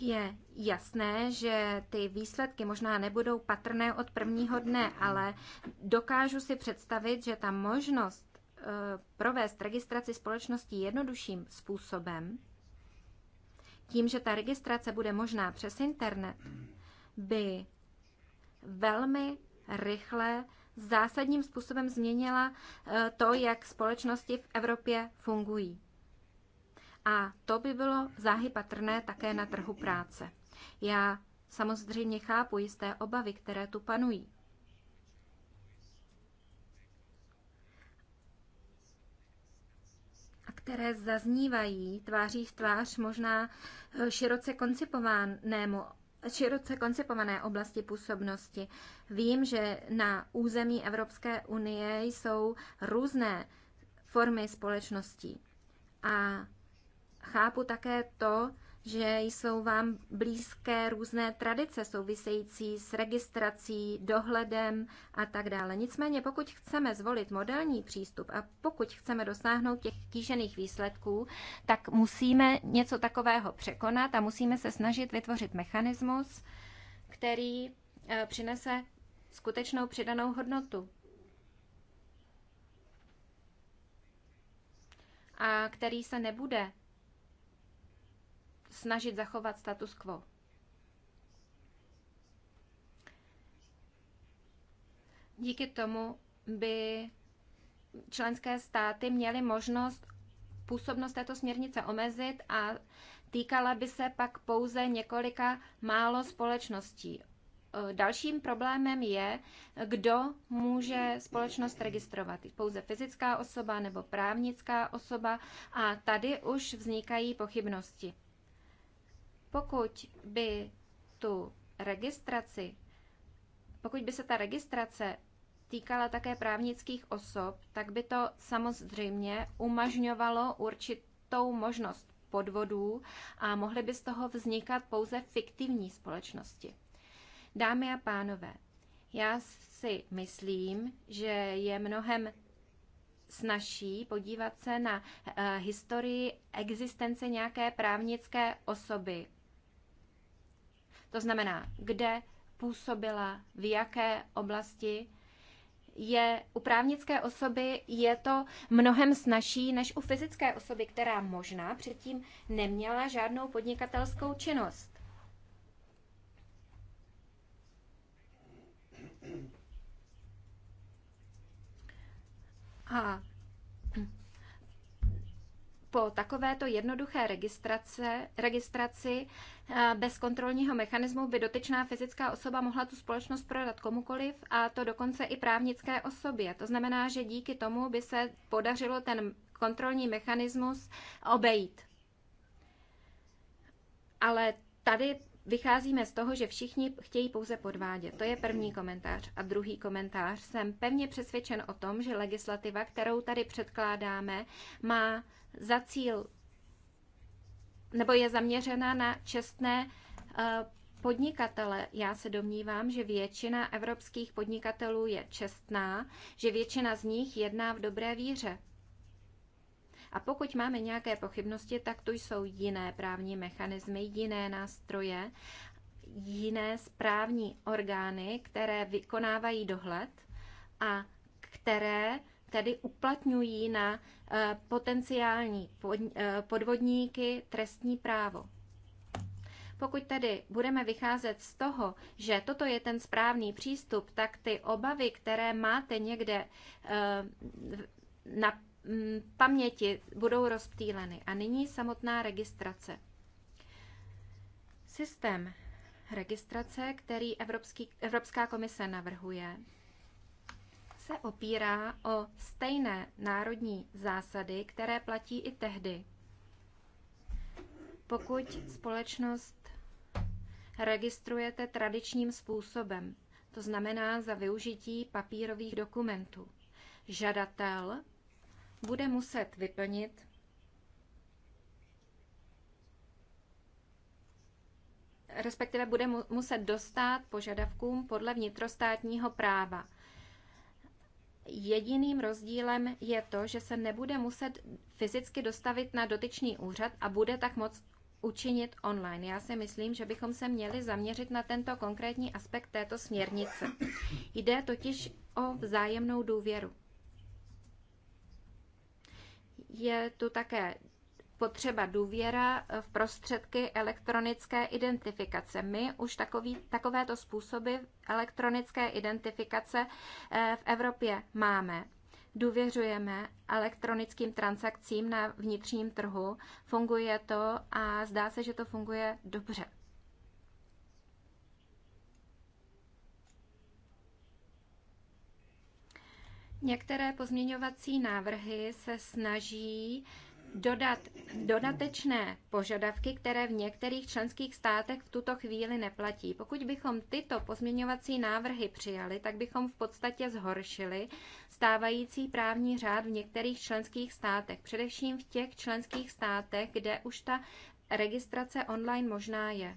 Je jasné, že ty výsledky možná nebudou patrné od prvního dne, ale dokážu si představit, že ta možnost Eh, provést registraci společnosti jednodušším způsobem, tím, že ta registrace bude možná přes internet, by velmi rychle zásadním způsobem změnila eh, to, jak společnosti v Evropě fungují. A to by bylo záhy patrné také na trhu práce. Já samozřejmě chápu jisté obavy, které tu panují. které zaznívají tváří v tvář možná eh, široce koncipovanému široce koncipované oblasti působnosti. Vím, že na území Evropské unie jsou různé formy společností. A chápu také to, že jsou vám blízké různé tradice související s registrací, dohledem a tak dále. Nicméně, pokud chceme zvolit modelní přístup a pokud chceme dosáhnout těch kýžených výsledků, tak musíme něco takového překonat a musíme se snažit vytvořit mechanismus, který eh, přinese skutečnou přidanou hodnotu. A který se nebude snažit zachovat status quo. Díky tomu by členské státy měly možnost působnost této směrnice omezit a týkala by se pak pouze několika málo společností. Dalším problémem je, kdo může společnost registrovat. Pouze fyzická osoba nebo právnická osoba a tady už vznikají pochybnosti. Pokud by tu registraci, pokud by se ta registrace týkala také právnických osob, tak by to samozřejmě umožňovalo určitou možnost podvodů a mohly by z toho vznikat pouze fiktivní společnosti. Dámy a pánové, já si myslím, že je mnohem snaží podívat se na eh, historii existence nějaké právnické osoby, to znamená, kde působila, v jaké oblasti je u právnické osoby je to mnohem snažší než u fyzické osoby, která možná předtím neměla žádnou podnikatelskou činnost. A po takovéto jednoduché registrace, registraci eh, bez kontrolního mechanismu by dotyčná fyzická osoba mohla tu společnost prodat komukoliv a to dokonce i právnické osobě. To znamená, že díky tomu by se podařilo ten kontrolní mechanismus obejít. Ale tady vycházíme z toho, že všichni chtějí pouze podvádět. To je první komentář. A druhý komentář. Jsem pevně přesvědčen o tom, že legislativa, kterou tady předkládáme, má za cíl nebo je zaměřena na čestné eh, podnikatele. Já se domnívám, že většina evropských podnikatelů je čestná, že většina z nich jedná v dobré víře. A pokud máme nějaké pochybnosti, tak to jsou jiné právní mechanismy, jiné nástroje, jiné správní orgány, které vykonávají dohled a které tedy uplatňují na eh, potenciální eh, podvodníky trestní právo. Pokud tedy budeme vycházet z toho, že toto je ten správný přístup, tak ty obavy, které máte někde eh, na Mm, paměti budou rozptýleny. A nyní samotná registrace. Systém registrace, který Evropský, Evropská komise navrhuje, se opírá o stejné národní zásady, které platí i tehdy, pokud společnost registrujete tradičním způsobem, to znamená za využití papírových dokumentů. Žadatel bude muset vyplnit respektive bude mu, muset dostat požadavkům podle vnitrostátního práva. Jediným rozdílem je to, že se nebude muset fyzicky dostavit na dotyčný úřad a bude tak moc učinit online. Já si myslím, že bychom se měli zaměřit na tento konkrétní aspekt této směrnice. Jde totiž o vzájemnou důvěru je tu také potřeba důvěra v prostředky elektronické identifikace. My už takový, takovéto způsoby elektronické identifikace eh, v Evropě máme. Důvěřujeme elektronickým transakcím na vnitřním trhu. Funguje to a zdá se, že to funguje dobře. Některé pozměňovací návrhy se snaží dodat dodatečné požadavky, které v některých členských státech v tuto chvíli neplatí. Pokud bychom tyto pozměňovací návrhy přijali, tak bychom v podstatě zhoršili stávající právní řád v některých členských státech, především v těch členských státech, kde už ta registrace online možná je.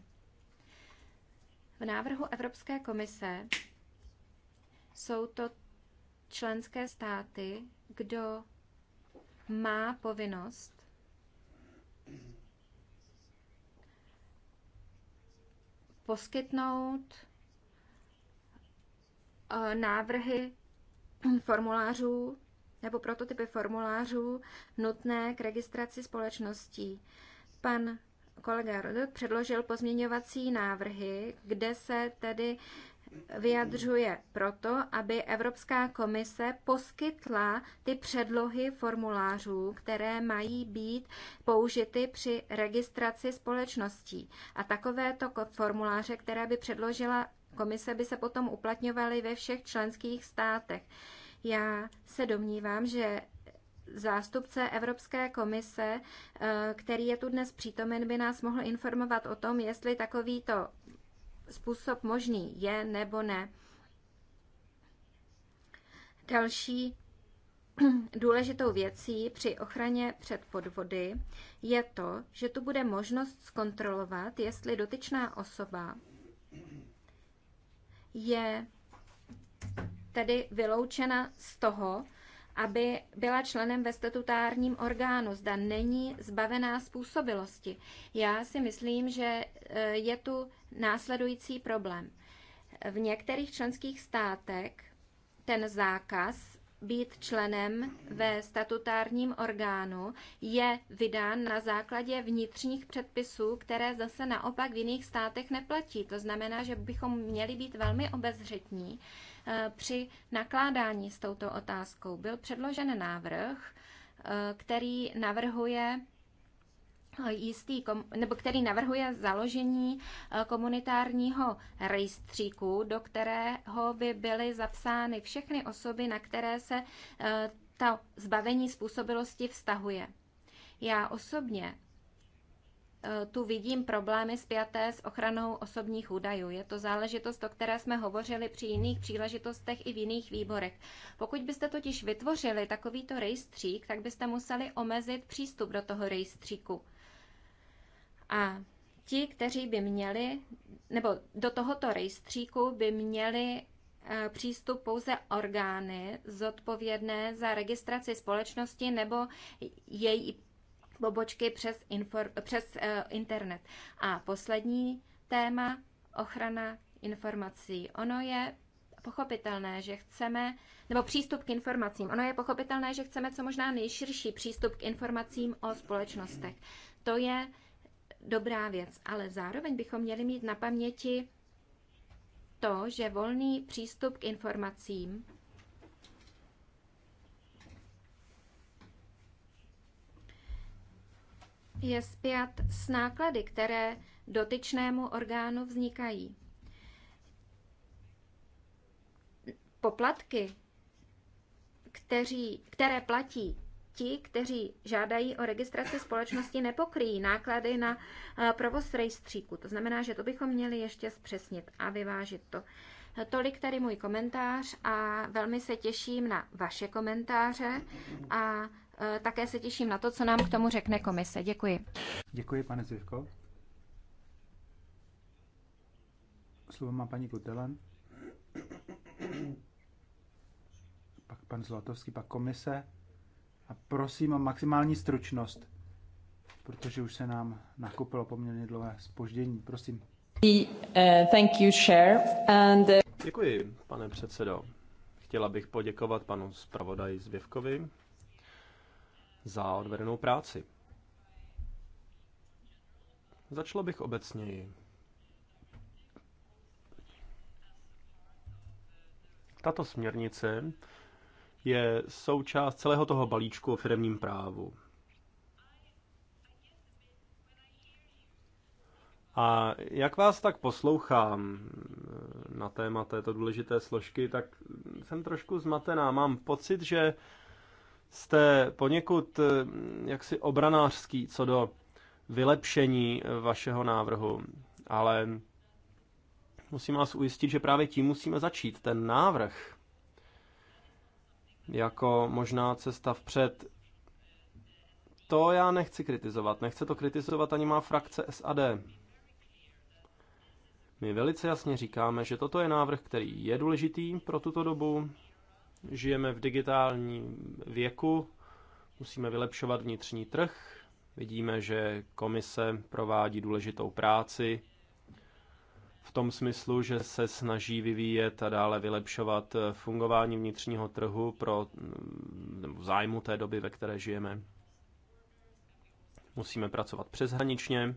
V návrhu Evropské komise jsou to členské státy, kdo má povinnost poskytnout eh, návrhy formulářů nebo prototypy formulářů nutné k registraci společností. Pan kolega Rodot předložil pozměňovací návrhy, kde se tedy vyjadřuje proto, aby Evropská komise poskytla ty předlohy formulářů, které mají být použity při registraci společností. A takovéto formuláře, které by předložila komise, by se potom uplatňovaly ve všech členských státech. Já se domnívám, že zástupce Evropské komise, eh, který je tu dnes přítomen, by nás mohl informovat o tom, jestli takovýto způsob možný je nebo ne. Další důležitou věcí při ochraně před podvody je to, že tu bude možnost zkontrolovat, jestli dotyčná osoba je tedy vyloučena z toho, aby byla členem ve statutárním orgánu, zda není zbavená způsobilosti. Já si myslím, že eh, je tu následující problém. V některých členských státech ten zákaz být členem ve statutárním orgánu je vydán na základě vnitřních předpisů, které zase naopak v jiných státech neplatí. To znamená, že bychom měli být velmi obezřetní Eh, při nakládání s touto otázkou. Byl předložen návrh, eh, který navrhuje eh, jistý, nebo který navrhuje založení komunitárního rejstříku, do kterého by byly zapsány všechny osoby, na které se ta zbavení způsobilosti vztahuje. Já osobně Eh, tu vidím problémy spjaté s ochranou osobních údajů. Je to záležitost, o které jsme hovořili při jiných příležitostech i v jiných výborech. Pokud byste totiž vytvořili takovýto rejstřík, tak byste museli omezit přístup do toho rejstříku. A ti, kteří by měli, nebo do tohoto rejstříku by měli eh, přístup pouze orgány zodpovědné za registraci společnosti nebo její pobočky přes, infor, přes eh, internet. A poslední téma, ochrana informací. Ono je pochopitelné, že chceme, nebo přístup k informacím. Ono je pochopitelné, že chceme co možná nejširší přístup k informacím o společnostech. To je dobrá věc, ale zároveň bychom měli mít na paměti to, že volný přístup k informacím je spjat s náklady, které dotyčnému orgánu vznikají. Poplatky, kteří, které platí ti, kteří žádají o registraci společnosti, nepokryjí náklady na eh, provoz rejstříku. To znamená, že to bychom měli ještě zpřesnit a vyvážit to. Tolik tady můj komentář a velmi se těším na vaše komentáře a Eh, také se těším na to, co nám k tomu řekne komise. Děkuji. Děkuji, pane Zivko. Slovo má paní Kutelan. Pak pan Zlatovský, pak komise. A prosím o maximální stručnost, protože už se nám nakupilo poměrně dlouhé spoždění. Prosím. Eh, thank you, Chair. And... Eh, Děkuji, pane předsedo. Chtěla bych poděkovat panu zpravodaji Zvěvkovi za odvedenou práci. začalo bych obecněji. Tato směrnice je součást celého toho balíčku o firmním právu. A jak vás tak poslouchám na téma této důležité složky, tak jsem trošku zmatená. Mám pocit, že jste poněkud eh, jaksi obranářský co do vylepšení eh, vašeho návrhu, ale musím vás ujistit, že právě tím musíme začít. Ten návrh jako možná cesta vpřed, to já nechci kritizovat. Nechce to kritizovat ani má frakce SAD. My velice jasně říkáme, že toto je návrh, který je důležitý pro tuto dobu, Žijeme v digitálním věku, musíme vylepšovat vnitřní trh. Vidíme, že komise provádí důležitou práci v tom smyslu, že se snaží vyvíjet a dále vylepšovat fungování vnitřního trhu pro nebo zájmu té doby, ve které žijeme. Musíme pracovat přeshraničně,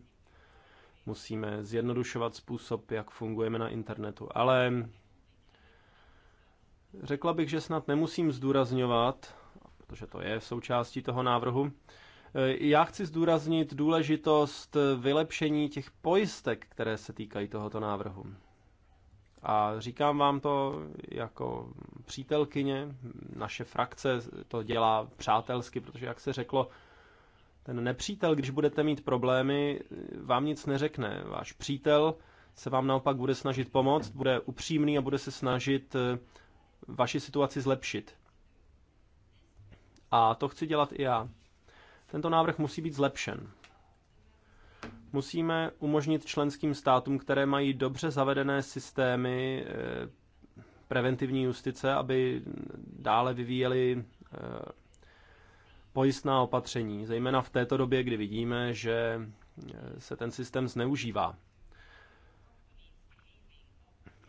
musíme zjednodušovat způsob, jak fungujeme na internetu, ale Řekla bych, že snad nemusím zdůrazňovat, protože to je součástí toho návrhu, e, já chci zdůraznit důležitost vylepšení těch pojistek, které se týkají tohoto návrhu. A říkám vám to jako přítelkyně, naše frakce to dělá přátelsky, protože, jak se řeklo, ten nepřítel, když budete mít problémy, vám nic neřekne. Váš přítel se vám naopak bude snažit pomoct, bude upřímný a bude se snažit e, vaši situaci zlepšit. A to chci dělat i já. Tento návrh musí být zlepšen. Musíme umožnit členským státům, které mají dobře zavedené systémy eh, preventivní justice, aby dále vyvíjeli eh, pojistná opatření, zejména v této době, kdy vidíme, že eh, se ten systém zneužívá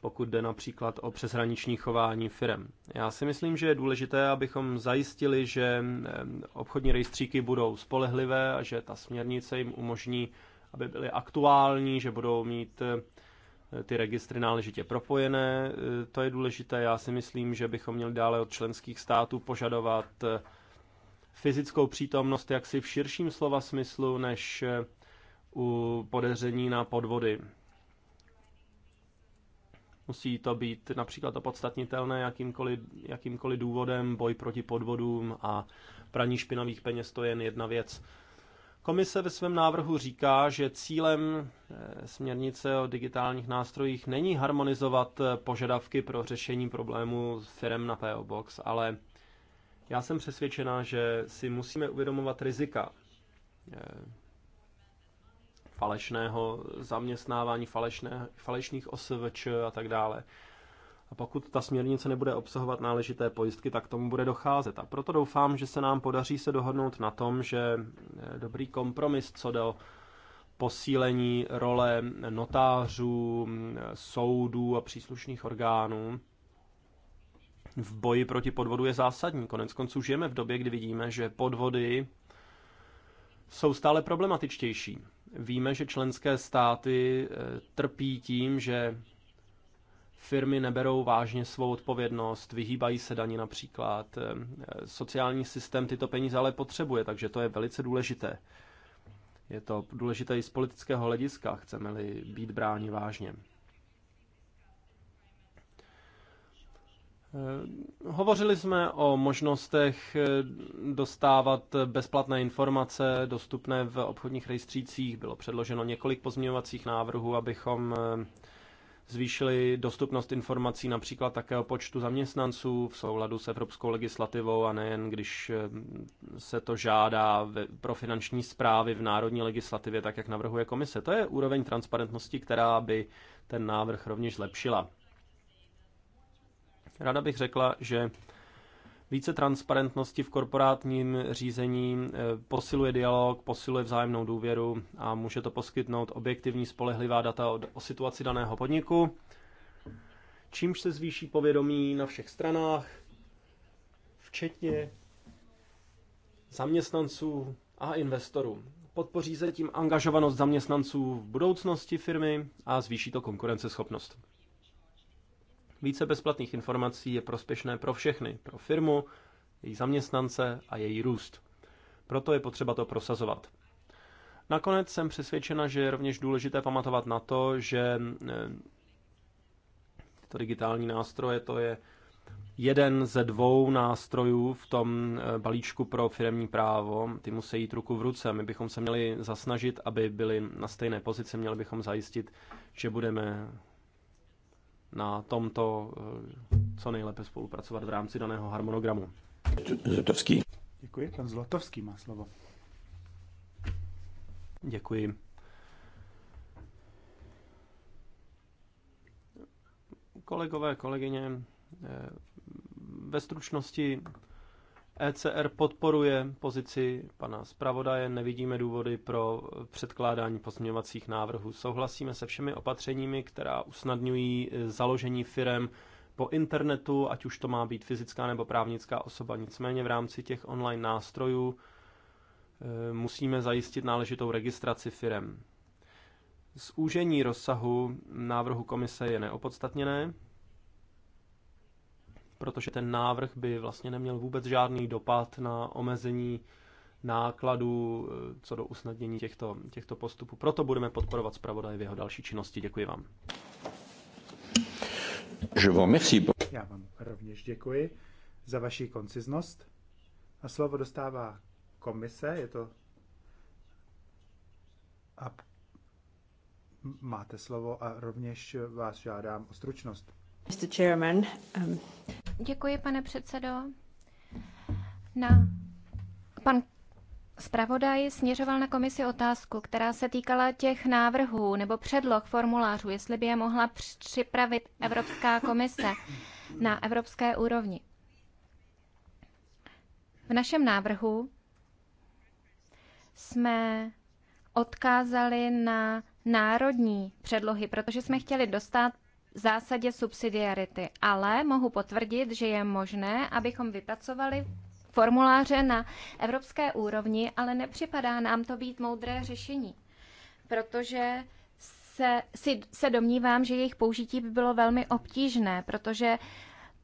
pokud jde například o přeshraniční chování firem. Já si myslím, že je důležité, abychom zajistili, že obchodní rejstříky budou spolehlivé a že ta směrnice jim umožní, aby byly aktuální, že budou mít eh, ty registry náležitě propojené. Eh, to je důležité. Já si myslím, že bychom měli dále od členských států požadovat eh, fyzickou přítomnost jaksi v širším slova smyslu než u podezření na podvody. Musí to být například opodstatnitelné jakýmkoliv, jakýmkoliv důvodem, boj proti podvodům a praní špinavých peněz, to je jen jedna věc. Komise ve svém návrhu říká, že cílem eh, směrnice o digitálních nástrojích není harmonizovat eh, požadavky pro řešení problému s firm na PO Box, ale já jsem přesvědčená, že si musíme uvědomovat rizika eh, falešného zaměstnávání, falešné, falešných osvč a tak dále. A pokud ta směrnice nebude obsahovat náležité pojistky, tak tomu bude docházet. A proto doufám, že se nám podaří se dohodnout na tom, že eh, dobrý kompromis co do posílení role notářů, mm, soudů a příslušných orgánů v boji proti podvodu je zásadní. Konec konců žijeme v době, kdy vidíme, že podvody jsou stále problematičtější. Víme, že členské státy e, trpí tím, že firmy neberou vážně svou odpovědnost, vyhýbají se daní například. E, sociální systém tyto peníze ale potřebuje, takže to je velice důležité. Je to důležité i z politického hlediska, chceme-li být bráni vážně. Eh, hovořili jsme o možnostech eh, dostávat bezplatné informace dostupné v obchodních rejstřících. Bylo předloženo několik pozměňovacích návrhů, abychom eh, zvýšili dostupnost informací například také o počtu zaměstnanců v souladu s evropskou legislativou a nejen když se to žádá pro finanční zprávy v národní legislativě, tak jak navrhuje komise. To je úroveň transparentnosti, která by ten návrh rovněž zlepšila. Rada bych řekla, že více transparentnosti v korporátním řízení eh, posiluje dialog, posiluje vzájemnou důvěru a může to poskytnout objektivní spolehlivá data o situaci daného podniku, čímž se zvýší povědomí na všech stranách, včetně zaměstnanců a investorů. Podpoří se tím angažovanost zaměstnanců v budoucnosti firmy a zvýší to konkurenceschopnost. Více bezplatných informací je prospěšné pro všechny, pro firmu, její zaměstnance a její růst. Proto je potřeba to prosazovat. Nakonec jsem přesvědčena, že je rovněž důležité pamatovat na to, že eh, to digitální nástroje to je jeden ze dvou nástrojů v tom eh, balíčku pro firmní právo. Ty musí jít ruku v ruce. My bychom se měli zasnažit, aby byli na stejné pozici, měli bychom zajistit, že budeme na tomto eh, co nejlépe spolupracovat v rámci daného harmonogramu. Zlatovský. Děkuji, pan Zlatovský má slovo. Děkuji. Kolegové, kolegyně, eh, ve stručnosti ECR podporuje pozici pana zpravodaje, nevidíme důvody pro předkládání pozměňovacích návrhů. Souhlasíme se všemi opatřeními, která usnadňují založení firem po internetu, ať už to má být fyzická nebo právnická osoba. Nicméně v rámci těch online nástrojů e, musíme zajistit náležitou registraci firem. Zúžení rozsahu návrhu komise je neopodstatněné, protože ten návrh by vlastně neměl vůbec žádný dopad na omezení nákladů eh, co do usnadnění těchto, těchto postupů. Proto budeme podporovat zpravodaj v jeho další činnosti. Děkuji vám. Je vám merci. Já vám rovněž děkuji za vaši konciznost. A slovo dostává komise, je to a máte slovo a rovněž vás žádám o stručnost. Mr. Chairman, um... Děkuji, pane předsedo. Na pan Spravodaj směřoval na komisi otázku, která se týkala těch návrhů nebo předloh formulářů, jestli by je mohla připravit Evropská komise na evropské úrovni. V našem návrhu jsme odkázali na národní předlohy, protože jsme chtěli dostat zásadě subsidiarity, ale mohu potvrdit, že je možné, abychom vypracovali formuláře na evropské úrovni, ale nepřipadá nám to být moudré řešení, protože se, si, se domnívám, že jejich použití by bylo velmi obtížné, protože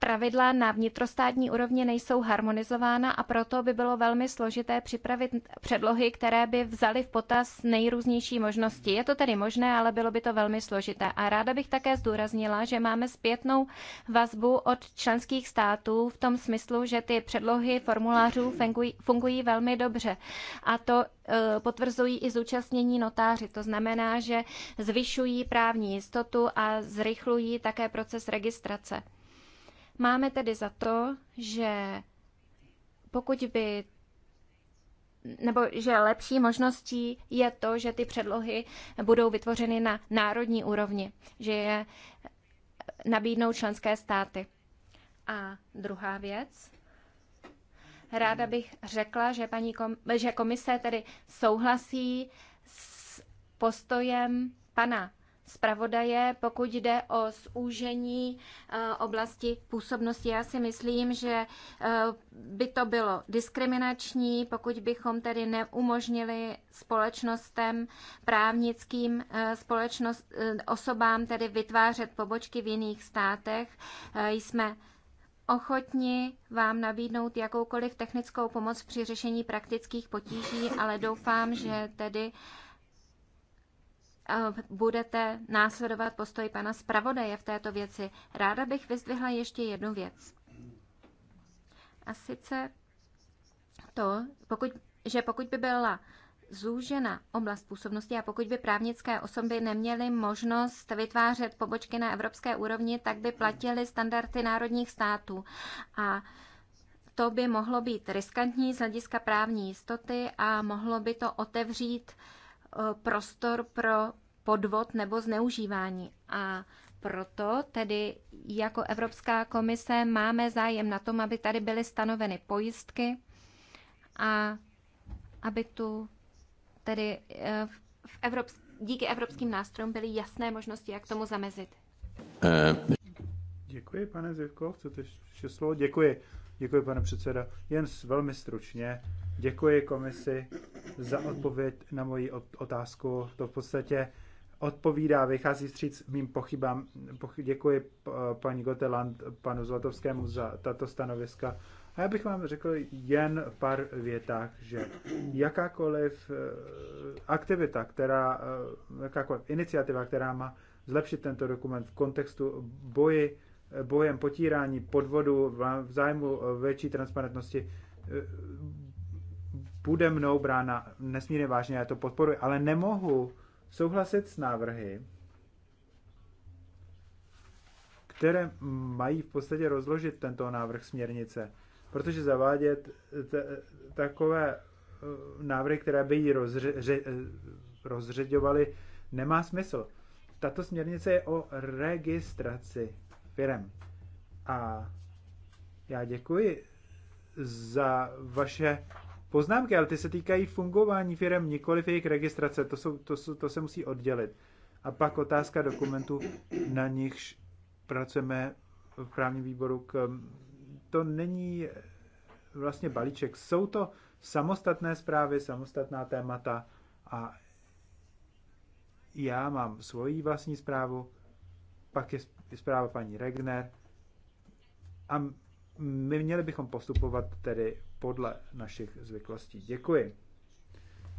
pravidla na vnitrostátní úrovni nejsou harmonizována a proto by bylo velmi složité připravit předlohy, které by vzaly v potaz nejrůznější možnosti. Je to tedy možné, ale bylo by to velmi složité. A ráda bych také zdůraznila, že máme zpětnou vazbu od členských států v tom smyslu, že ty předlohy formulářů fungují, fungují velmi dobře. A to e, potvrzují i zúčastnění notáři. To znamená, že zvyšují právní jistotu a zrychlují také proces registrace. Máme tedy za to, že pokud by nebo že lepší možností je to, že ty předlohy budou vytvořeny na národní úrovni, že je nabídnou členské státy. A druhá věc, ráda bych řekla, že, paní kom, že komise tedy souhlasí s postojem pana zpravodaje, pokud jde o zúžení eh, oblasti působnosti. Já si myslím, že eh, by to bylo diskriminační, pokud bychom tedy neumožnili společnostem, právnickým eh, společnost, osobám tedy vytvářet pobočky v jiných státech. Jsme ochotni vám nabídnout jakoukoliv technickou pomoc při řešení praktických potíží, ale doufám, že tedy Eh, budete následovat postoj pana zpravodaje v této věci. Ráda bych vyzdvihla ještě jednu věc. A sice to, pokud, že pokud by byla zúžena oblast působnosti a pokud by právnické osoby neměly možnost vytvářet pobočky na evropské úrovni, tak by platily standardy národních států. A to by mohlo být riskantní z hlediska právní jistoty a mohlo by to otevřít eh, prostor pro podvod nebo zneužívání. A proto tedy jako Evropská komise máme zájem na tom, aby tady byly stanoveny pojistky a aby tu tedy eh, v Evrops- díky evropským nástrojům byly jasné možnosti, jak tomu zamezit. Eh, Děkuji, pane Zivko, chcete ještě slovo? Děkuji. Děkuji, pane předseda. Jen velmi stručně. Děkuji komisi za odpověď na moji otázku. To v podstatě odpovídá, vychází vstříc mým pochybám. děkuji paní Goteland, panu Zlatovskému za tato stanoviska. A já bych vám řekl jen v pár větách, že jakákoliv eh, aktivita, která, eh, jakákoliv iniciativa, která má zlepšit tento dokument v kontextu boji, eh, bojem potírání podvodu v zájmu větší transparentnosti, bude mnou brána nesmírně vážně, já to podporuji, ale nemohu souhlasit s návrhy, které mají v podstatě rozložit tento návrh směrnice, protože zavádět takové eh, návrhy, které by ji eh, rozřeďovaly, nemá smysl. Tato směrnice je o registraci firem. A já děkuji za vaše poznámky, ale ty se týkají fungování firm, nikoliv jejich registrace. To, jsou, to, jsou, to se musí oddělit. A pak otázka dokumentů, na nichž pracujeme v právním výboru. K, to není vlastně balíček. Jsou to samostatné zprávy, samostatná témata a já mám svoji vlastní zprávu, pak je zpráva paní Regner a my měli bychom postupovat tedy podle našich zvyklostí. Děkuji.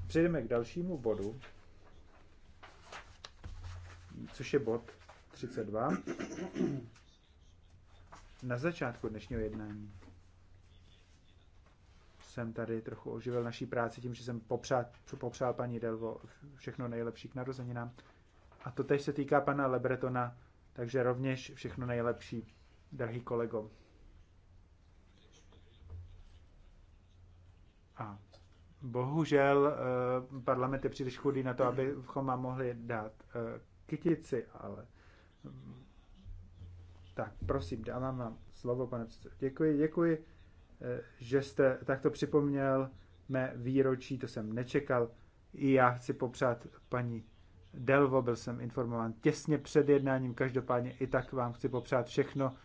Přejdeme k dalšímu bodu, což je bod 32. Na začátku dnešního jednání jsem tady trochu oživil naší práci tím, že jsem popřál, popřál paní Delvo všechno nejlepší k narozeninám. A to tež se týká pana Lebretona, takže rovněž všechno nejlepší, drahý kolego. A bohužel eh, parlament je příliš chudý na to, abychom mohli dát eh, kytici, ale mm, tak, prosím, dávám vám slovo, pane předsedo. Děkuji, děkuji, eh, že jste takto připomněl mé výročí, to jsem nečekal. I já chci popřát paní Delvo, byl jsem informován těsně před jednáním, každopádně i tak vám chci popřát všechno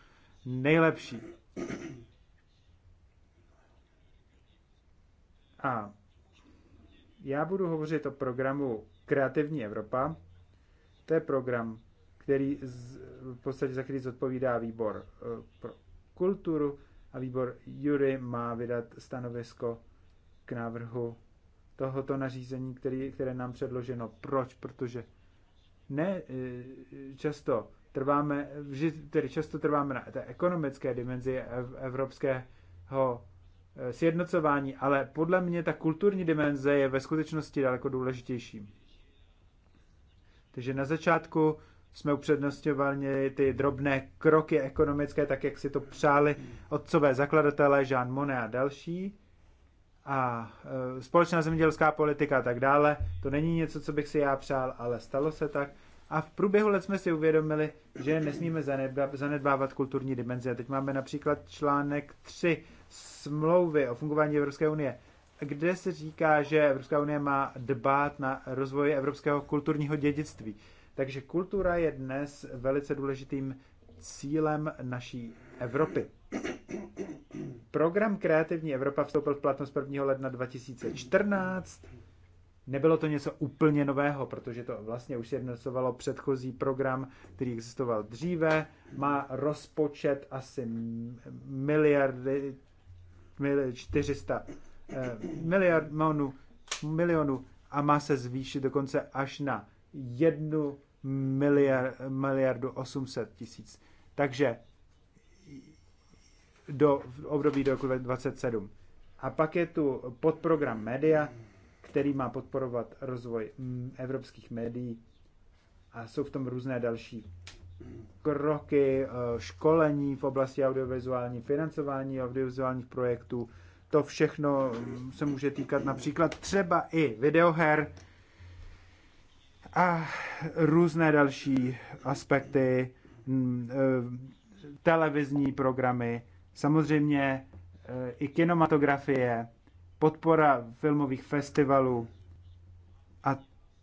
nejlepší. A já budu hovořit o programu Kreativní Evropa. To je program, který z, v podstatě za který zodpovídá výbor e, pro kulturu a výbor Jury má vydat stanovisko k návrhu tohoto nařízení, který, které nám předloženo. Proč? Protože ne e, často trváme, tedy často trváme na té ekonomické dimenzi evropského Eh, sjednocování, ale podle mě ta kulturní dimenze je ve skutečnosti daleko důležitější. Takže na začátku jsme upřednostňovali ty drobné kroky ekonomické, tak jak si to přáli otcové zakladatelé Jean Monnet a další. A eh, společná zemědělská politika a tak dále, to není něco, co bych si já přál, ale stalo se tak. A v průběhu let jsme si uvědomili, že nesmíme zanedbávat kulturní dimenze. A teď máme například článek 3 smlouvy o fungování Evropské unie, kde se říká, že Evropská unie má dbát na rozvoj evropského kulturního dědictví. Takže kultura je dnes velice důležitým cílem naší Evropy. Program Kreativní Evropa vstoupil v platnost 1. ledna 2014. Nebylo to něco úplně nového, protože to vlastně už sjednocovalo předchozí program, který existoval dříve. Má rozpočet asi miliardy 400 eh, miliard milionů, milionů a má se zvýšit dokonce až na 1 miliard, miliardu 800 tisíc. Takže do období do roku 27. A pak je tu podprogram Media, který má podporovat rozvoj mm, evropských médií a jsou v tom různé další kroky, eh, školení v oblasti audiovizuální, financování audiovizuálních projektů. To všechno mm, se může týkat například třeba i videoher a různé další aspekty, mm, eh, televizní programy, samozřejmě eh, i kinematografie, podpora filmových festivalů a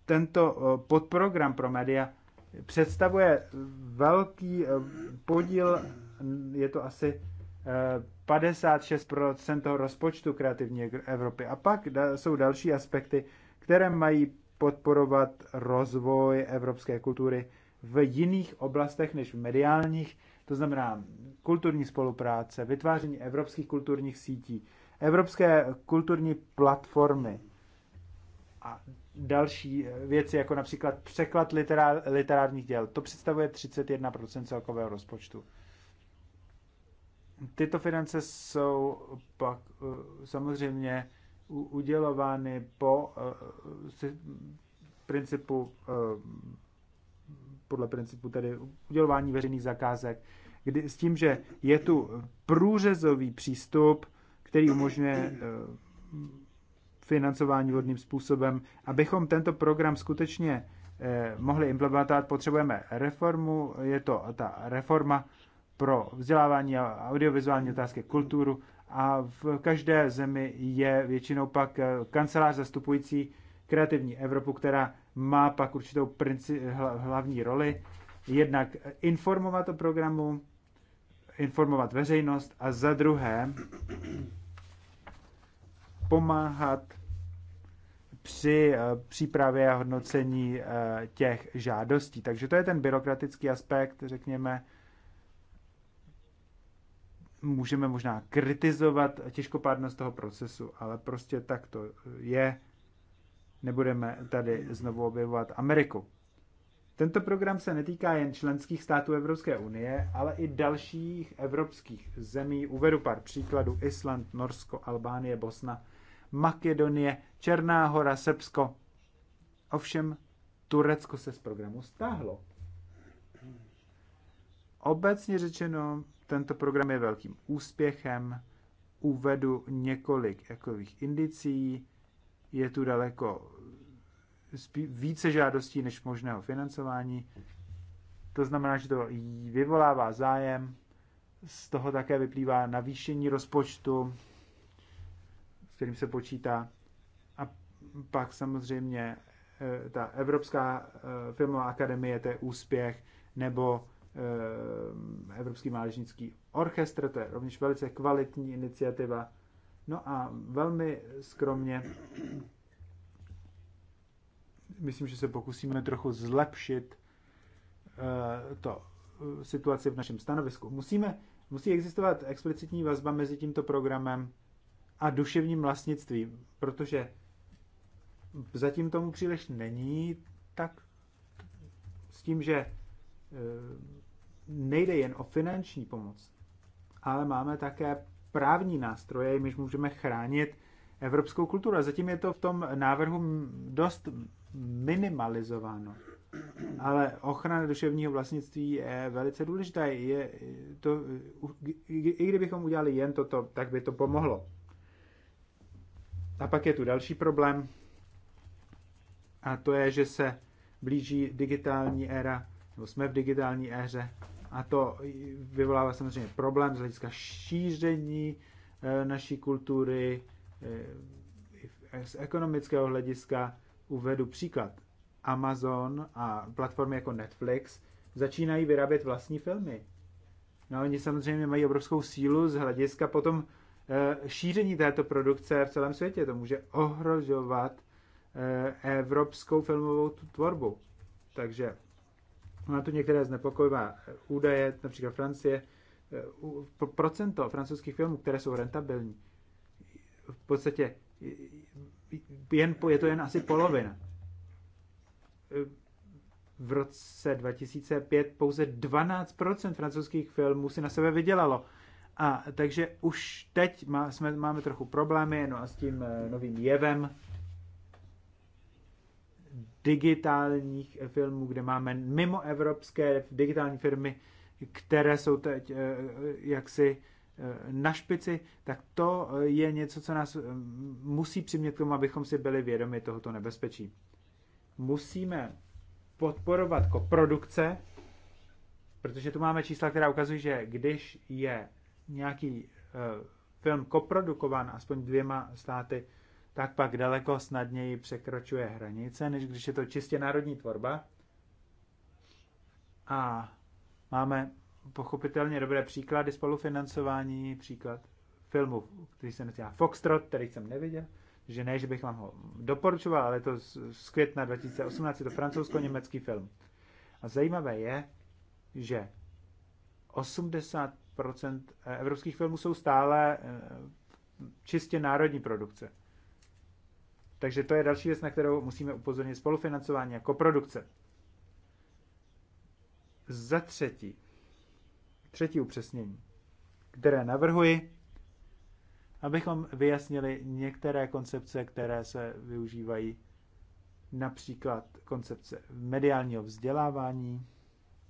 tento podprogram pro média představuje velký eh, podíl, je to asi 56% eh, toho rozpočtu kreativní Evropy. A pak jsou další aspekty, které mají podporovat rozvoj evropské kultury v jiných oblastech než v mediálních, to znamená kulturní spolupráce, vytváření evropských kulturních sítí, evropské kulturní platformy. A další věci, jako například překlad literár, literárních děl. To představuje 31% celkového rozpočtu. Tyto finance jsou pak eh, samozřejmě udělovány po eh, principu eh, podle principu tedy udělování veřejných zakázek, kdy, s tím, že je tu průřezový přístup, který umožňuje financování vodným způsobem. Abychom tento program skutečně eh, mohli implementovat, potřebujeme reformu, je to ta reforma pro vzdělávání a audiovizuální otázky kulturu a v každé zemi je většinou pak eh, kancelář zastupující kreativní Evropu, která má pak určitou princi- hlavní roli, jednak informovat o programu, informovat veřejnost a za druhé pomáhat při eh, přípravě a hodnocení eh, těch žádostí. Takže to je ten byrokratický aspekt, řekněme, můžeme možná kritizovat těžkopádnost toho procesu, ale prostě tak to je. Nebudeme tady znovu objevovat Ameriku. Tento program se netýká jen členských států Evropské unie, ale i dalších evropských zemí. Uvedu pár příkladů. Island, Norsko, Albánie, Bosna, Makedonie, Černá hora, Srbsko. Ovšem, Turecko se z programu stáhlo. Obecně řečeno, tento program je velkým úspěchem. Uvedu několik takových indicí. Je tu daleko více žádostí než možného financování. To znamená, že to vyvolává zájem. Z toho také vyplývá navýšení rozpočtu s kterým se počítá. A pak samozřejmě eh, ta Evropská eh, filmová akademie, to je úspěch, nebo eh, Evropský mládežnický orchestr, to je rovněž velice kvalitní iniciativa. No a velmi skromně myslím, že se pokusíme trochu zlepšit to situaci v našem stanovisku. Musíme, musí existovat explicitní vazba mezi tímto programem a duševním vlastnictvím, protože zatím tomu příliš není, tak s tím, že e, nejde jen o finanční pomoc, ale máme také právní nástroje, jimiž můžeme chránit evropskou kulturu. A zatím je to v tom návrhu dost minimalizováno. Ale ochrana duševního vlastnictví je velice důležitá. Je to, I kdybychom udělali jen toto, tak by to pomohlo. A pak je tu další problém, a to je, že se blíží digitální éra, nebo jsme v digitální éře, a to vyvolává samozřejmě problém z hlediska šíření eh, naší kultury, eh, z ekonomického hlediska uvedu příklad. Amazon a platformy jako Netflix začínají vyrábět vlastní filmy. No oni samozřejmě mají obrovskou sílu z hlediska potom Eh, šíření této produkce v celém světě. To může ohrožovat eh, evropskou filmovou tvorbu. Takže má tu některé znepokojivá eh, údaje, například Francie, procento francouzských filmů, které jsou rentabilní, v podstatě jen, je to jen asi polovina. V roce 2005 pouze 12% francouzských filmů si na sebe vydělalo. A takže už teď má, jsme, máme trochu problémy no a s tím eh, novým jevem digitálních filmů, kde máme mimo evropské digitální firmy, které jsou teď eh, eh, jaksi na špici, tak to je něco, co nás musí přimět k tomu, abychom si byli vědomi tohoto nebezpečí. Musíme podporovat koprodukce, protože tu máme čísla, která ukazují, že když je nějaký eh, film koprodukován aspoň dvěma státy, tak pak daleko snadněji překračuje hranice, než když je to čistě národní tvorba. A máme pochopitelně dobré příklady spolufinancování, příklad filmu, který se nazývá Foxtrot, který jsem neviděl, že ne, že bych vám ho doporučoval, ale je to z května 2018, je to francouzsko-německý film. A zajímavé je, že 80 Eh, evropských filmů jsou stále eh, čistě národní produkce. Takže to je další věc, na kterou musíme upozornit spolufinancování jako produkce. Za třetí, třetí upřesnění, které navrhuji, abychom vyjasnili některé koncepce, které se využívají, například koncepce mediálního vzdělávání,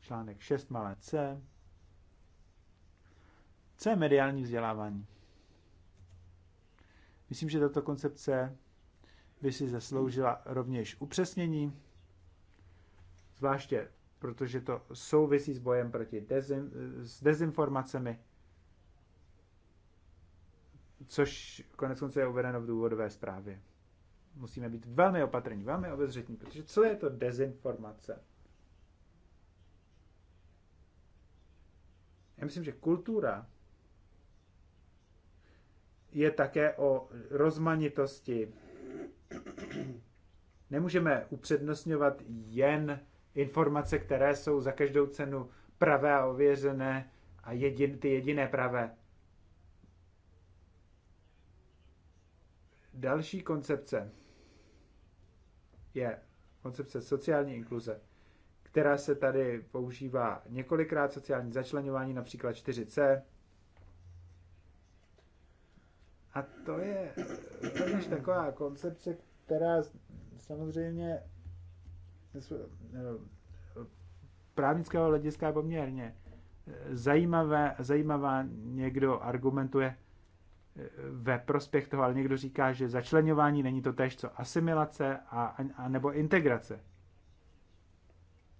článek 6 malé c, co je mediální vzdělávání? Myslím, že tato koncepce by si zasloužila rovněž upřesnění, zvláště protože to souvisí s bojem proti dezin, s dezinformacemi, což konec konců je uvedeno v důvodové zprávě. Musíme být velmi opatrní, velmi obezřetní, protože co je to dezinformace? Já myslím, že kultura je také o rozmanitosti. Nemůžeme upřednostňovat jen informace, které jsou za každou cenu pravé a ověřené a jedin, ty jediné pravé. Další koncepce je koncepce sociální inkluze, která se tady používá několikrát, sociální začlenování, například 4C, a to je rovněž taková koncepce, která samozřejmě eh, právnického hlediska je poměrně eh, zajímavé, zajímavá. Někdo argumentuje eh, ve prospěch toho, ale někdo říká, že začlenování není to tež, co asimilace a, a nebo integrace.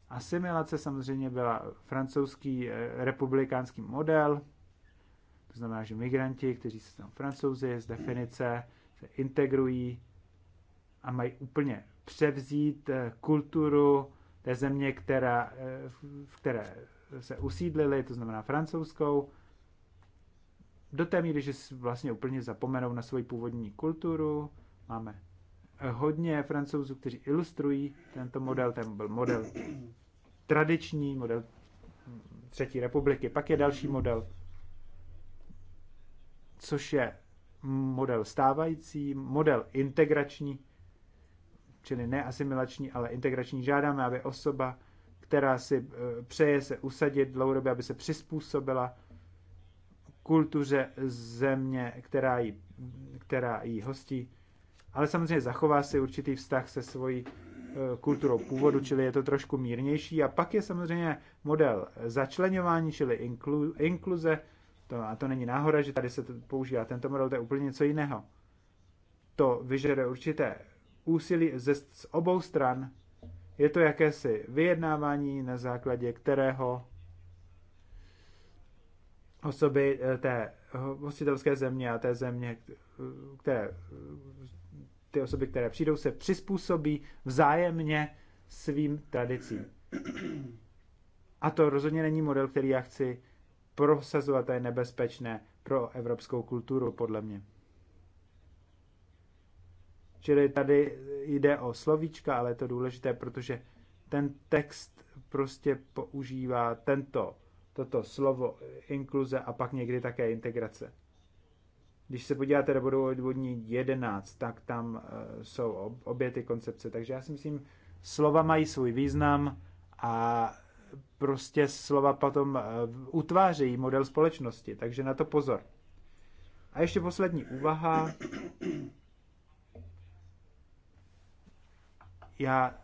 Asimilace samozřejmě byla francouzský republikánský model, to znamená, že migranti, kteří jsou tam francouzi z definice, se integrují a mají úplně převzít eh, kulturu té země, která, eh, v které se usídlili, to znamená francouzskou, do té míry, že vlastně úplně zapomenou na svoji původní kulturu. Máme eh, hodně francouzů, kteří ilustrují tento model, ten byl model tradiční, model hm, Třetí republiky. Pak je další model což je model stávající, model integrační, čili ne asimilační, ale integrační. Žádáme, aby osoba, která si eh, přeje se usadit dlouhodobě, aby se přizpůsobila kultuře země, která ji, která ji hostí, ale samozřejmě zachová si určitý vztah se svojí eh, kulturou původu, čili je to trošku mírnější. A pak je samozřejmě model začlenování, čili inklu, inkluze, to, a to není náhoda, že tady se to používá tento model, to je úplně něco jiného. To vyžaduje určité úsilí ze, z obou stran. Je to jakési vyjednávání, na základě kterého osoby eh, té hostitelské země a té země, které, ty osoby, které přijdou, se přizpůsobí vzájemně svým tradicím. A to rozhodně není model, který já chci prosazovat, a je nebezpečné pro evropskou kulturu, podle mě. Čili tady jde o slovíčka, ale je to důležité, protože ten text prostě používá tento, toto slovo inkluze a pak někdy také integrace. Když se podíváte do bodu odvodní 11, tak tam eh, jsou obě ty koncepce. Takže já si myslím, slova mají svůj význam a prostě slova potom eh, utvářejí model společnosti, takže na to pozor. A ještě poslední úvaha. Já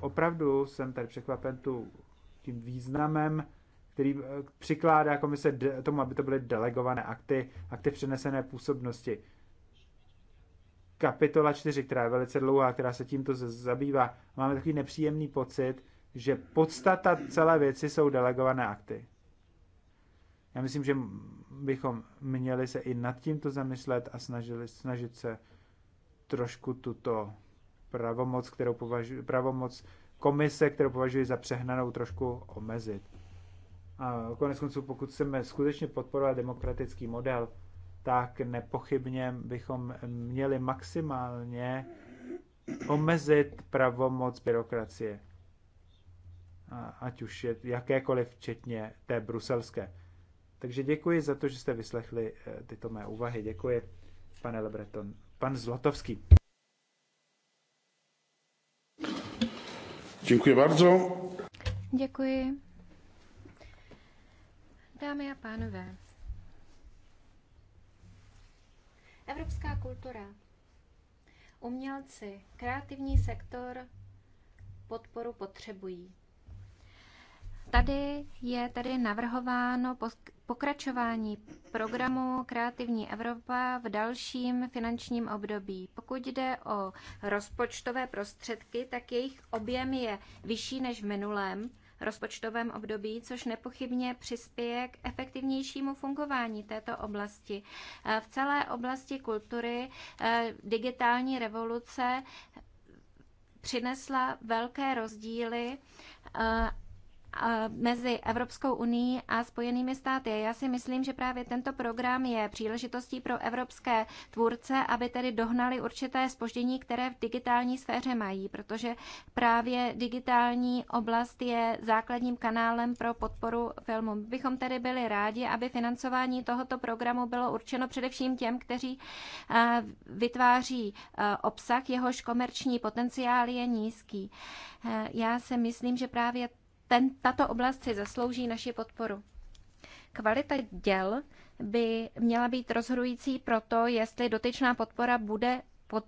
opravdu jsem tady překvapen tu, tím významem, který eh, přikládá komise tomu, aby to byly delegované akty, akty přenesené působnosti. Kapitola 4, která je velice dlouhá, která se tímto zabývá, máme takový nepříjemný pocit, že podstata celé věci jsou delegované akty. Já myslím, že bychom měli se i nad tímto zamyslet a snažili, snažit se trošku tuto pravomoc, kterou považuji, pravomoc komise, kterou považuji za přehnanou, trošku omezit. A konec konců, pokud chceme skutečně podporovat demokratický model, tak nepochybně bychom měli maximálně omezit pravomoc byrokracie ať už je jakékoliv, včetně té bruselské. Takže děkuji za to, že jste vyslechli eh, tyto mé úvahy. Děkuji, pane Lebreton. Pan Zlotovský. Děkuji bardzo. Děkuji. Dámy a pánové, evropská kultura, umělci, kreativní sektor podporu potřebují. Tady je tedy navrhováno pokračování programu Kreativní Evropa v dalším finančním období. Pokud jde o rozpočtové prostředky, tak jejich objem je vyšší než v minulém rozpočtovém období, což nepochybně přispěje k efektivnějšímu fungování této oblasti. Eh, v celé oblasti kultury eh, digitální revoluce přinesla velké rozdíly eh, mezi Evropskou unii a Spojenými státy. Já si myslím, že právě tento program je příležitostí pro evropské tvůrce, aby tedy dohnali určité spoždění, které v digitální sféře mají, protože právě digitální oblast je základním kanálem pro podporu filmu. Bychom tedy byli rádi, aby financování tohoto programu bylo určeno především těm, kteří vytváří obsah, jehož komerční potenciál je nízký. Já si myslím, že právě ten, tato oblast si zaslouží naši podporu. Kvalita děl by měla být rozhodující pro to, jestli dotyčná podpora bude pod,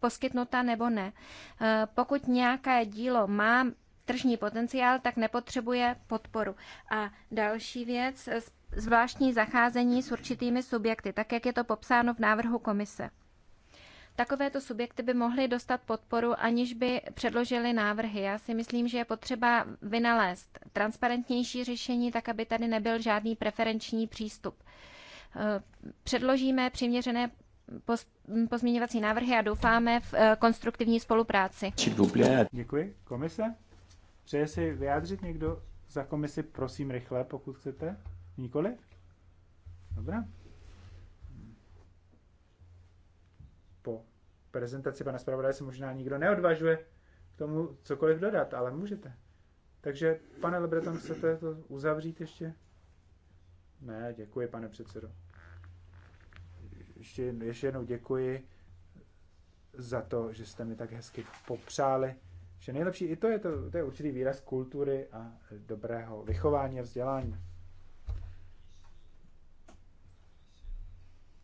poskytnuta nebo ne. E, pokud nějaké dílo má tržní potenciál, tak nepotřebuje podporu. A další věc, zvláštní zacházení s určitými subjekty, tak jak je to popsáno v návrhu komise. Takovéto subjekty by mohly dostat podporu, aniž by předložili návrhy. Já si myslím, že je potřeba vynalézt transparentnější řešení, tak aby tady nebyl žádný preferenční přístup. Eh, předložíme přiměřené pozměňovací návrhy a doufáme v eh, konstruktivní spolupráci. Děkuji. Komise? Přeje si vyjádřit někdo za komisi, prosím rychle, pokud chcete? Nikoliv? Dobrá. prezentaci pana zpravodaje se možná nikdo neodvažuje k tomu cokoliv dodat, ale můžete. Takže, pane Lebreton, chcete to uzavřít ještě? Ne, děkuji, pane předsedo. Ještě, ještě jednou děkuji za to, že jste mi tak hezky popřáli. Že nejlepší, i to je, to, to je určitý výraz kultury a dobrého vychování a vzdělání.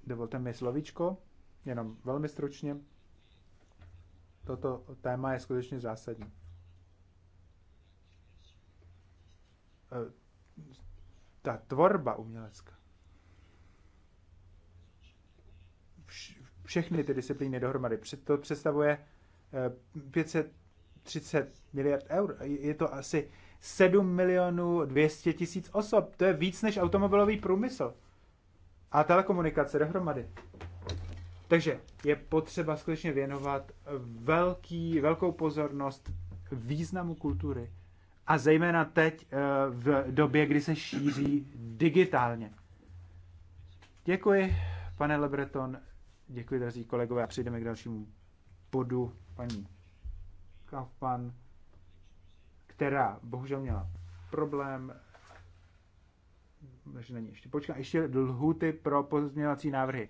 Dovolte mi slovíčko, jenom velmi stručně toto téma je skutečně zásadní. E, ta tvorba umělecká. Všechny ty disciplíny dohromady. To představuje 530 e, miliard eur. Je to asi 7 milionů 200 tisíc osob. To je víc než automobilový průmysl. A telekomunikace dohromady. Takže je potřeba skutečně věnovat velký, velkou pozornost významu kultury a zejména teď eh, v době, kdy se šíří digitálně. Děkuji, pane Lebreton, děkuji, drazí kolegové, a přejdeme k dalšímu bodu paní Kaufman, která bohužel měla problém, takže na ještě Počkám, ještě lhuty pro pozměňovací návrhy.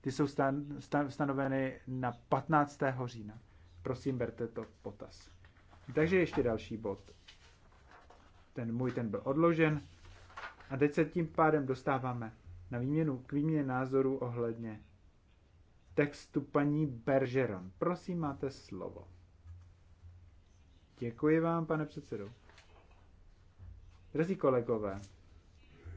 Ty jsou stan, stan, stanoveny na 15. října. Prosím, berte to v potaz. Takže ještě další bod. Ten můj ten byl odložen. A teď se tím pádem dostáváme na výměnu, k výměně názoru ohledně textu paní Bergeron. Prosím, máte slovo. Děkuji vám, pane předsedo. Drazí kolegové,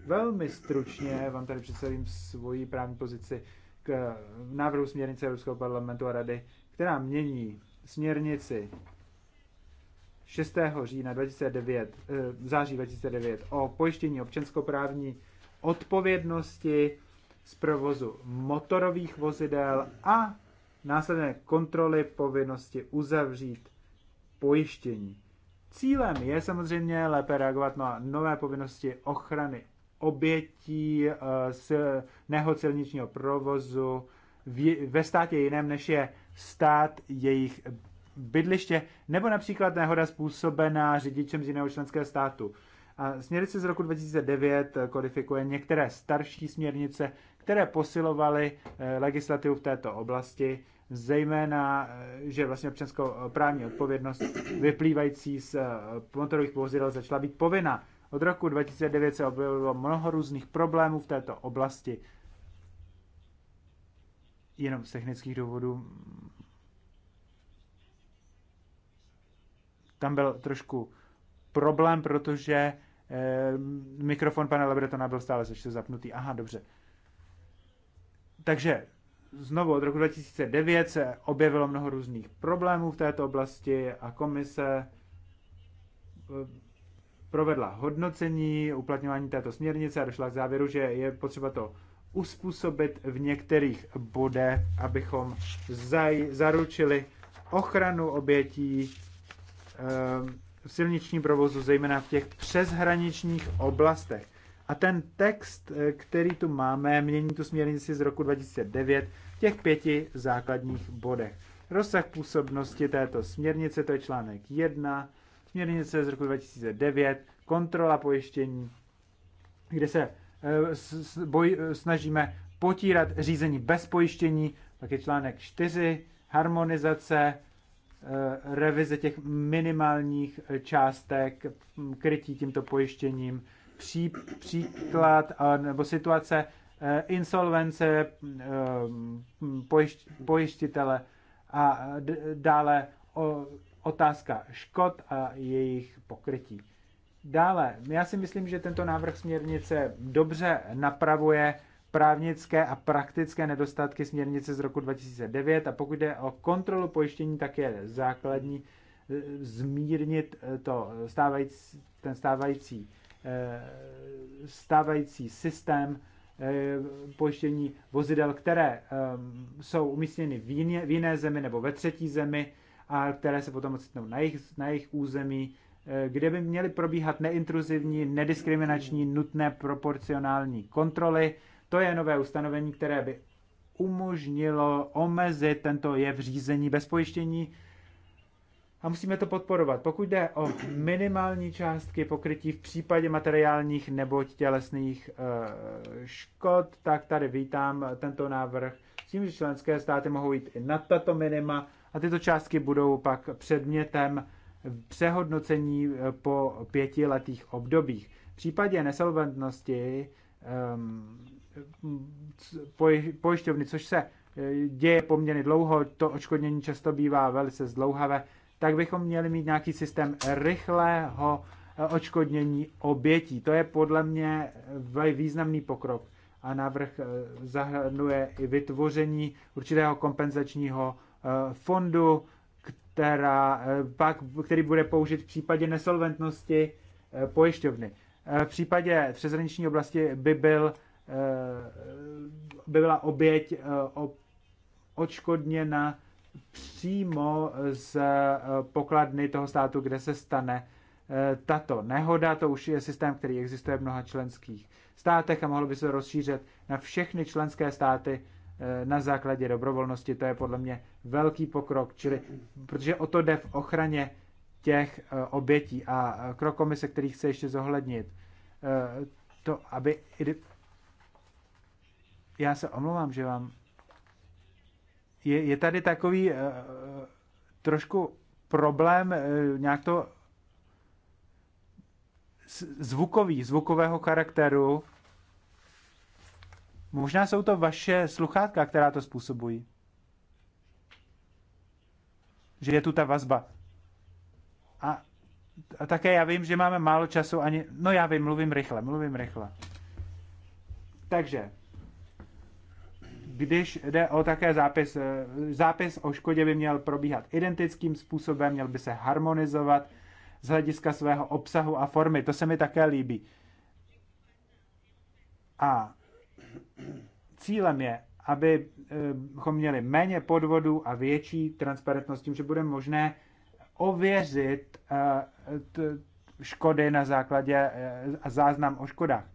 velmi stručně vám tady představím svoji právní pozici k návrhu směrnice Evropského parlamentu a rady, která mění směrnici 6. října 2009, eh, září 2009 o pojištění občanskoprávní odpovědnosti z provozu motorových vozidel a následné kontroly povinnosti uzavřít pojištění. Cílem je samozřejmě lépe reagovat na nové povinnosti ochrany obětí z nehod silničního provozu ve státě jiném, než je stát jejich bydliště, nebo například nehoda způsobená řidičem z jiného členského státu. A směrnice z roku 2009 eh, kodifikuje některé starší směrnice, které posilovaly eh, legislativu v této oblasti, zejména, eh, že vlastně občanskou právní odpovědnost vyplývající z motorových vozidel začala být povinna. Od roku 2009 se objevilo mnoho různých problémů v této oblasti. Jenom z technických důvodů tam byl trošku problém, protože eh, mikrofon pana Lebretona byl stále ještě zapnutý. Aha, dobře. Takže znovu od roku 2009 se objevilo mnoho různých problémů v této oblasti a komise eh, provedla hodnocení uplatňování této směrnice a došla k závěru, že je potřeba to uspůsobit v některých bodech, abychom zaj, zaručili ochranu obětí ehm, v silničním provozu, zejména v těch přeshraničních oblastech. A ten text, eh, který tu máme, mění tu směrnici z roku 2009 v těch pěti základních bodech. Rozsah působnosti této směrnice, to je článek 1, směrnice z roku 2009, kontrola pojištění, kde se eh, boj, eh, snažíme potírat řízení bez pojištění, pak je článek 4, harmonizace, eh, revize těch minimálních částek, hm, krytí tímto pojištěním, pří, příklad nebo situace insolvence hm, pojišť, pojištitele a dále o otázka škod a jejich pokrytí. Dále, já si myslím, že tento návrh směrnice dobře napravuje právnické a praktické nedostatky směrnice z roku 2009 a pokud jde o kontrolu pojištění, tak je základní eh, zmírnit eh, to stávající, ten stávající, eh, stávající systém pojištění vozidel, které jsou umístěny v jiné, v jiné zemi nebo ve třetí zemi, a které se potom ocitnou na jejich, na jejich území, eh, kde by měly probíhat neintruzivní, nediskriminační, nutné proporcionální kontroly. To je nové ustanovení, které by umožnilo omezit tento jev řízení bez pojištění a musíme to podporovat. Pokud jde o minimální částky pokrytí v případě materiálních nebo tělesných eh, škod, tak tady vítám tento návrh s tím, že členské státy mohou jít i na tato minima a tyto částky budou pak předmětem přehodnocení eh, po pětiletých obdobích. V případě nesolventnosti ehm, pojišťovny, což se eh, děje poměrně dlouho, to očkodnění často bývá velice zdlouhavé, tak bychom měli mít nějaký systém rychlého eh, očkodnění obětí. To je podle mě významný pokrok a návrh zahrnuje i vytvoření určitého kompenzačního Eh, fondu, která eh, pak, který bude použit v případě nesolventnosti eh, pojišťovny. V případě přeshraniční oblasti by, byl, by byla oběť odškodněna přímo z pokladny toho státu, kde se stane tato nehoda. To už je systém, který existuje v mnoha členských státech a mohlo by se rozšířit na všechny členské státy Eh, na základě dobrovolnosti, to je podle mě velký pokrok, čili protože o to jde v ochraně těch eh, obětí a eh, krok komise, který chce ještě zohlednit, to, aby... Já se omlouvám, že vám... Je, je tady takový trošku problém nějak to zvukový, zvukového charakteru, Možná jsou to vaše sluchátka, která to způsobují. Že je tu ta vazba. A, a také já vím, že máme málo času ani... No já vím, mluvím rychle, mluvím rychle. Takže, když jde o také zápis, eh, zápis o škodě by měl probíhat identickým způsobem, měl by se harmonizovat z hlediska svého obsahu a formy. To se mi také líbí. A cílem je, abychom eh, měli méně podvodů a větší transparentnost tím, že bude možné ověřit eh, škody na základě eh, a záznam o škodách.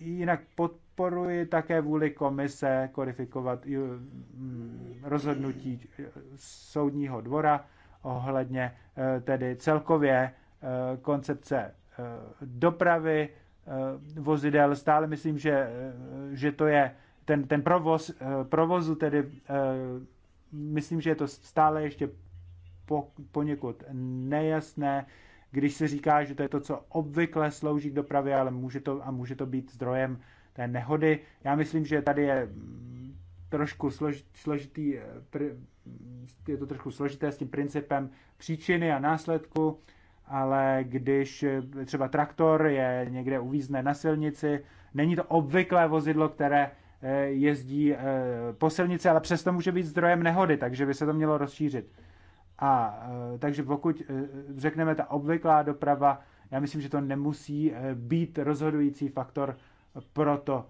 Jinak podporuji také vůli komise kodifikovat rozhodnutí soudního dvora ohledně tedy celkově koncepce dopravy, Eh, vozidel. Stále myslím, že, eh, že to je ten, ten provoz, eh, provozu tedy, myslím, že je to stále ještě po, poněkud nejasné, když se říká, že to je to, co obvykle slouží k dopravě, ale může to, a může to být zdrojem té nehody. Já myslím, že tady je mm, trošku slož, složitý, je to trošku složité s tím principem příčiny a následku ale když eh, třeba traktor je někde uvízne na silnici, není to obvyklé vozidlo, které eh, jezdí eh, po silnici, ale přesto může být zdrojem nehody, takže by se to mělo rozšířit. A takže pokud řekneme ta obvyklá doprava, já myslím, že to nemusí být rozhodující faktor pro to,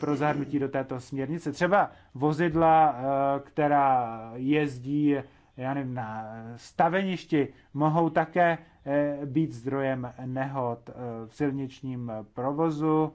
pro zahrnutí do této směrnice. Třeba vozidla, která jezdí já nevím, na staveništi mohou také eh, být zdrojem nehod eh, v silničním provozu,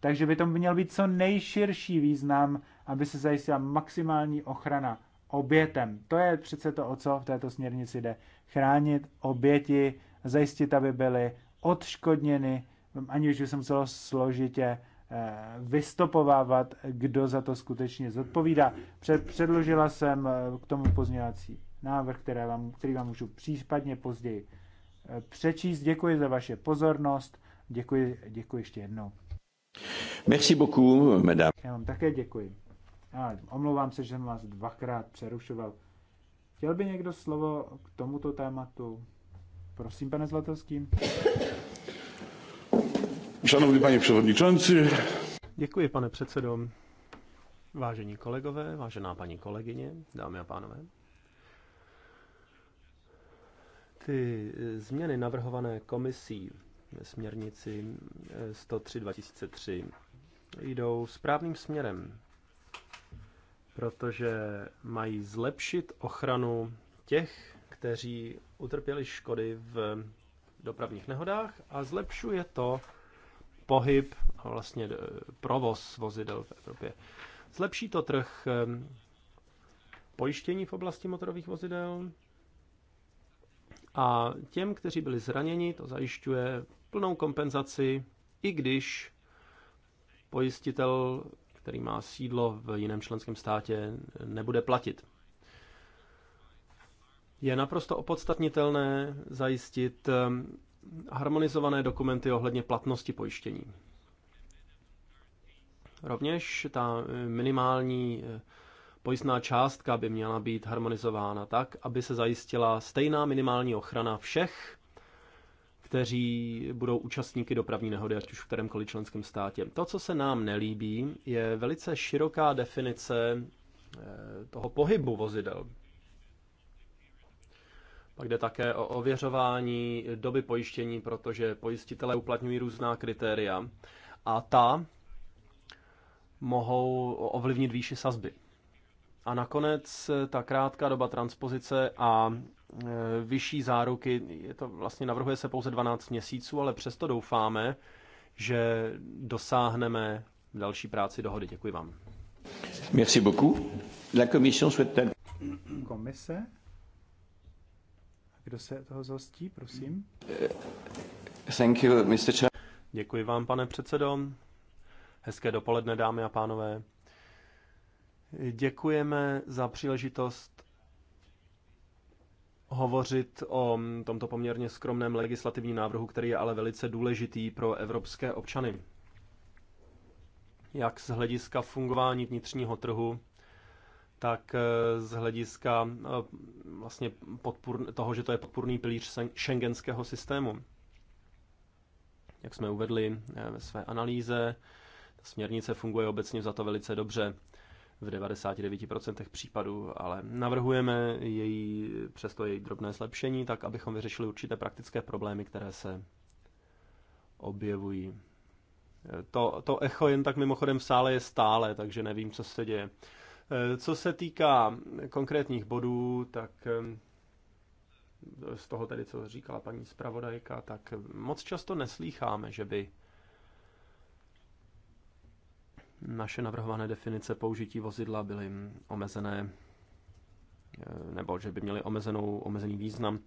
takže by to měl být co nejširší význam, aby se zajistila maximální ochrana obětem. To je přece to, o co v této směrnici jde. Chránit oběti, zajistit, aby byly odškodněny, aniž by se muselo složitě eh, vystopovávat, kdo za to skutečně zodpovídá. Předložila jsem k tomu pozměňovací návrh, které vám, který vám můžu případně později eh, přečíst. Děkuji za vaše pozornost. Děkuji, děkuji ještě jednou. Merci beaucoup, madame. Já vám také děkuji. A omlouvám se, že jsem vás dvakrát přerušoval. Chtěl by někdo slovo k tomuto tématu? Prosím, pane Zlatovský. Šanovný paní předsedající. Děkuji, pane předsedo. Vážení kolegové, vážená paní kolegyně, dámy a pánové ty eh, změny navrhované komisí ve směrnici 103 eh, 2003 jdou správným směrem, protože mají zlepšit ochranu těch, kteří utrpěli škody v dopravních nehodách a zlepšuje to pohyb a vlastně eh, provoz vozidel v Evropě. Zlepší to trh pojištění v oblasti motorových vozidel, a těm, kteří byli zraněni, to zajišťuje plnou kompenzaci, i když pojistitel, který má sídlo v jiném členském státě, nebude platit. Je naprosto opodstatnitelné zajistit ehm, harmonizované dokumenty ohledně platnosti pojištění. Rovněž ta ehm, minimální eh, Pojistná částka by měla být harmonizována tak, aby se zajistila stejná minimální ochrana všech, kteří budou účastníky dopravní nehody, ať už v kterémkoliv členském státě. To, co se nám nelíbí, je velice široká definice eh, toho pohybu vozidel. Pak jde také o ověřování doby pojištění, protože pojistitelé uplatňují různá kritéria a ta mohou ovlivnit výši sazby. A nakonec eh, ta krátká doba transpozice a eh, vyšší záruky, je to vlastně navrhuje se pouze 12 měsíců, ale přesto doufáme, že dosáhneme další práci dohody. Děkuji vám. Merci beaucoup. La commission souhaite Komise? Kdo se toho zhostí, prosím? Eh, thank you, Mr. Děkuji vám, pane předsedo. Hezké dopoledne, dámy a pánové. Děkujeme za příležitost hovořit o tomto poměrně skromném legislativním návrhu, který je ale velice důležitý pro evropské občany. Jak z hlediska fungování vnitřního trhu, tak eh, z hlediska eh, vlastně podpůr, toho, že to je podpůrný pilíř šengenského systému. Jak jsme uvedli eh, ve své analýze, ta směrnice funguje obecně za to velice dobře v 99% případů, ale navrhujeme její, přesto její drobné zlepšení, tak abychom vyřešili určité praktické problémy, které se objevují. To, to echo jen tak mimochodem v sále je stále, takže nevím, co se děje. Eh, co se týká konkrétních bodů, tak eh, z toho tedy, co říkala paní zpravodajka, tak moc často neslýcháme, že by naše navrhované definice použití vozidla byly omezené, e, nebo že by měly omezenou, omezený význam.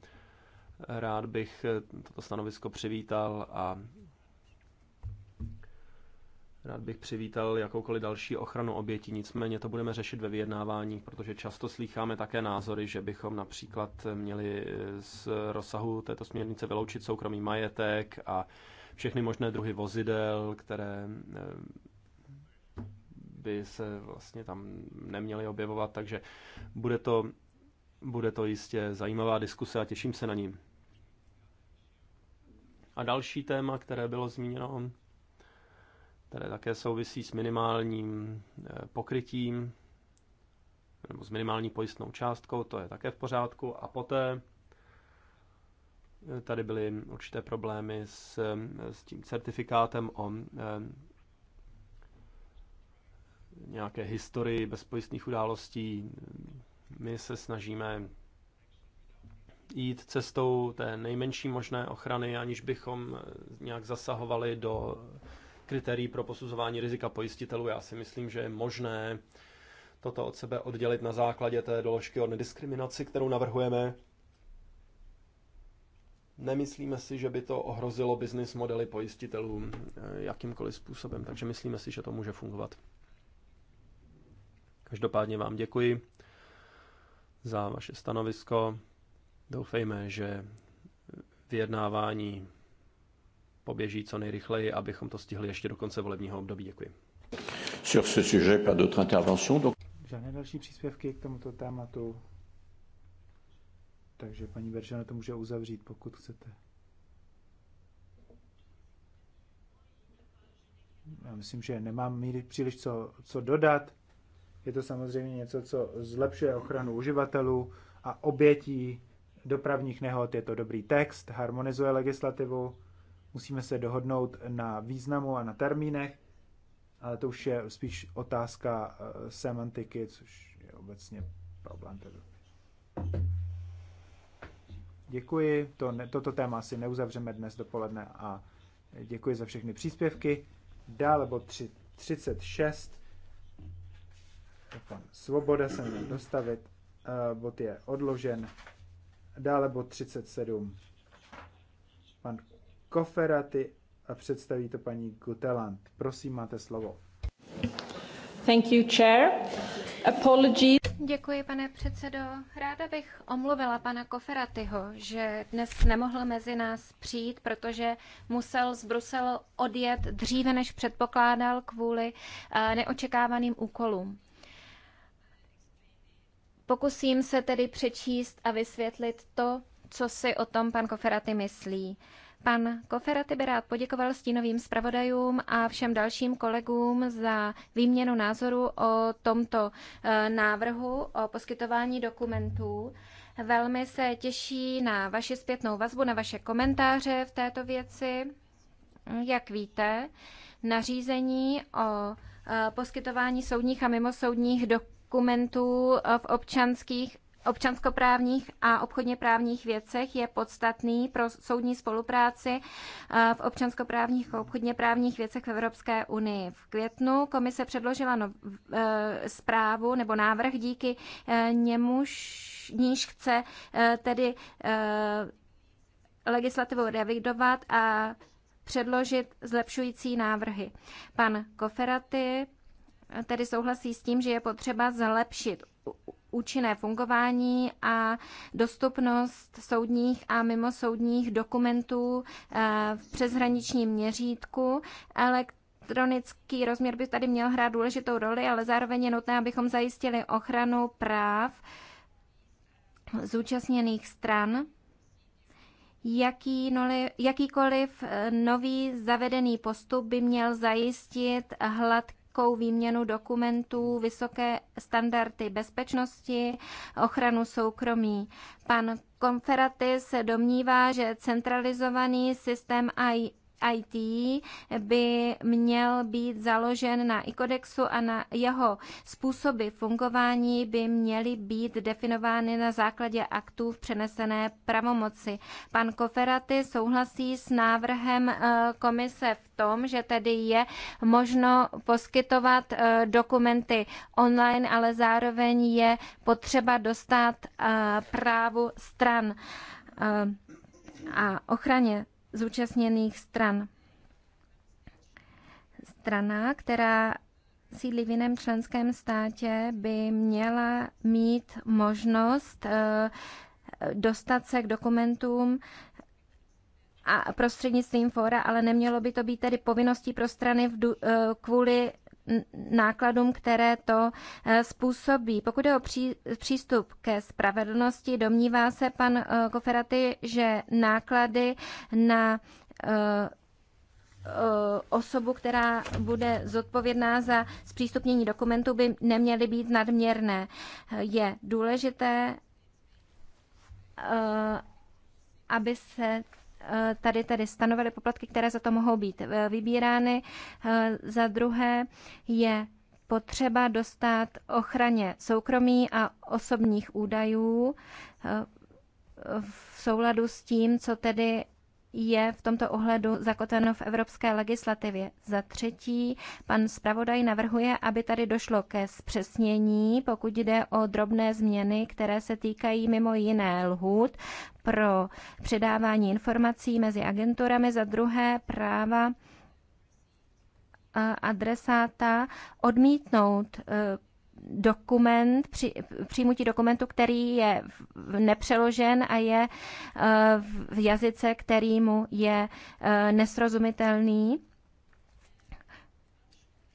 Rád bych e, toto stanovisko přivítal a Rád bych přivítal jakoukoliv další ochranu obětí, nicméně to budeme řešit ve vyjednávání, protože často slýcháme také názory, že bychom například měli z rozsahu této směrnice vyloučit soukromý majetek a všechny možné druhy vozidel, které e, by se vlastně tam neměly objevovat, takže bude to, bude to jistě zajímavá diskuse a těším se na ní. A další téma, které bylo zmíněno, které také souvisí s minimálním eh, pokrytím nebo s minimální pojistnou částkou, to je také v pořádku. A poté eh, tady byly určité problémy s, eh, s tím certifikátem o nějaké historii bezpojistných událostí. My se snažíme jít cestou té nejmenší možné ochrany, aniž bychom eh, nějak zasahovali do kritérií pro posuzování rizika pojistitelů. Já si myslím, že je možné toto od sebe oddělit na základě té doložky o nediskriminaci, kterou navrhujeme. Nemyslíme si, že by to ohrozilo business modely pojistitelů eh, jakýmkoliv způsobem, takže myslíme si, že to může fungovat. Každopádně vám děkuji za vaše stanovisko. Doufejme, že vyjednávání poběží co nejrychleji, abychom to stihli ještě do konce volebního období. Děkuji. Sur ce sujet, pas d'autres interventions. Donc... Žádné další příspěvky k tomuto tématu. Takže paní Beržana to může uzavřít, pokud chcete. Já myslím, že nemám příliš co, co dodat. Je to samozřejmě něco, co zlepšuje ochranu uživatelů a obětí dopravních nehod. Je to dobrý text, harmonizuje legislativu, musíme se dohodnout na významu a na termínech, ale to už je spíš otázka eh, semantiky, což je obecně problém. Tedy. Děkuji, to ne, toto téma si neuzavřeme dnes dopoledne a děkuji za všechny příspěvky. Dále bod 36 Pan Svoboda se měl dostavit, bod je odložen. Dále bod 37. Pan Koferaty a představí to paní Guteland. Prosím, máte slovo. Thank you, chair. Apologies. Děkuji, pane předsedo. Ráda bych omluvila pana Koferatyho, že dnes nemohl mezi nás přijít, protože musel z Bruselu odjet dříve, než předpokládal kvůli eh, neočekávaným úkolům. Pokusím se tedy přečíst a vysvětlit to, co si o tom pan Koferaty myslí. Pan Koferaty by rád poděkoval stínovým zpravodajům a všem dalším kolegům za výměnu názoru o tomto e, návrhu o poskytování dokumentů. Velmi se těší na vaši zpětnou vazbu, na vaše komentáře v této věci. Jak víte, nařízení o e, poskytování soudních a mimosoudních dokumentů dokumentů eh, v občanských občanskoprávních a obchodně právních věcech je podstatný pro soudní spolupráci eh, v občanskoprávních a obchodně právních věcech v Evropské unii. V květnu komise předložila no, zprávu nebo návrh, díky němuž níž chce tedy legislativu revidovat a předložit zlepšující návrhy. Pan Koferaty tedy souhlasí s tím, že je potřeba zlepšit účinné fungování a dostupnost soudních a mimosoudních dokumentů eh, v přeshraničním měřítku. Elektronický rozměr by tady měl hrát důležitou roli, ale zároveň je nutné, abychom zajistili ochranu práv zúčastněných stran. Jaký noli, jakýkoliv eh, nový zavedený postup by měl zajistit hladký hladkou výměnu dokumentů, vysoké standardy bezpečnosti, ochranu soukromí. Pan Konferaty se domnívá, že centralizovaný systém IT by měl být založen na ikodexu a na jeho způsoby fungování by měly být definovány na základě aktů v přenesené pravomoci. Pan Koferaty souhlasí s návrhem eh, komise v tom, že tedy je možno poskytovat eh, dokumenty online, ale zároveň je potřeba dostat eh, právu stran a ochraně zúčastněných stran. Strana, která sídlí v jiném členském státě, by měla mít možnost eh, dostat se k dokumentům a prostřednictvím fóra, ale nemělo by to být tedy povinností pro strany v, eh, kvůli nákladům, které to eh, způsobí. Pokud je o přístup ke spravedlnosti, domnívá se pan eh, Koferaty, že náklady na eh, osobu, která bude zodpovědná za zpřístupnění dokumentů, by neměly být nadměrné. Je důležité, aby se Eh, tady tedy stanovili poplatky, které za to mohou být eh, vybírány. Eh, za druhé je potřeba dostat ochraně soukromí a osobních údajů v souladu s tím, co tedy je v tomto ohledu zakotveno v evropské legislativě. Za třetí, pan zpravodaj navrhuje, aby tady došlo ke zpřesnění, pokud jde o drobné změny, které se týkají mimo jiné lhůt pro předávání informací mezi agenturami, za druhé práva adresáta odmítnout eh, dokument, při, přijmutí dokumentu, který je nepřeložen a je eh, v jazyce, který mu je eh, nesrozumitelný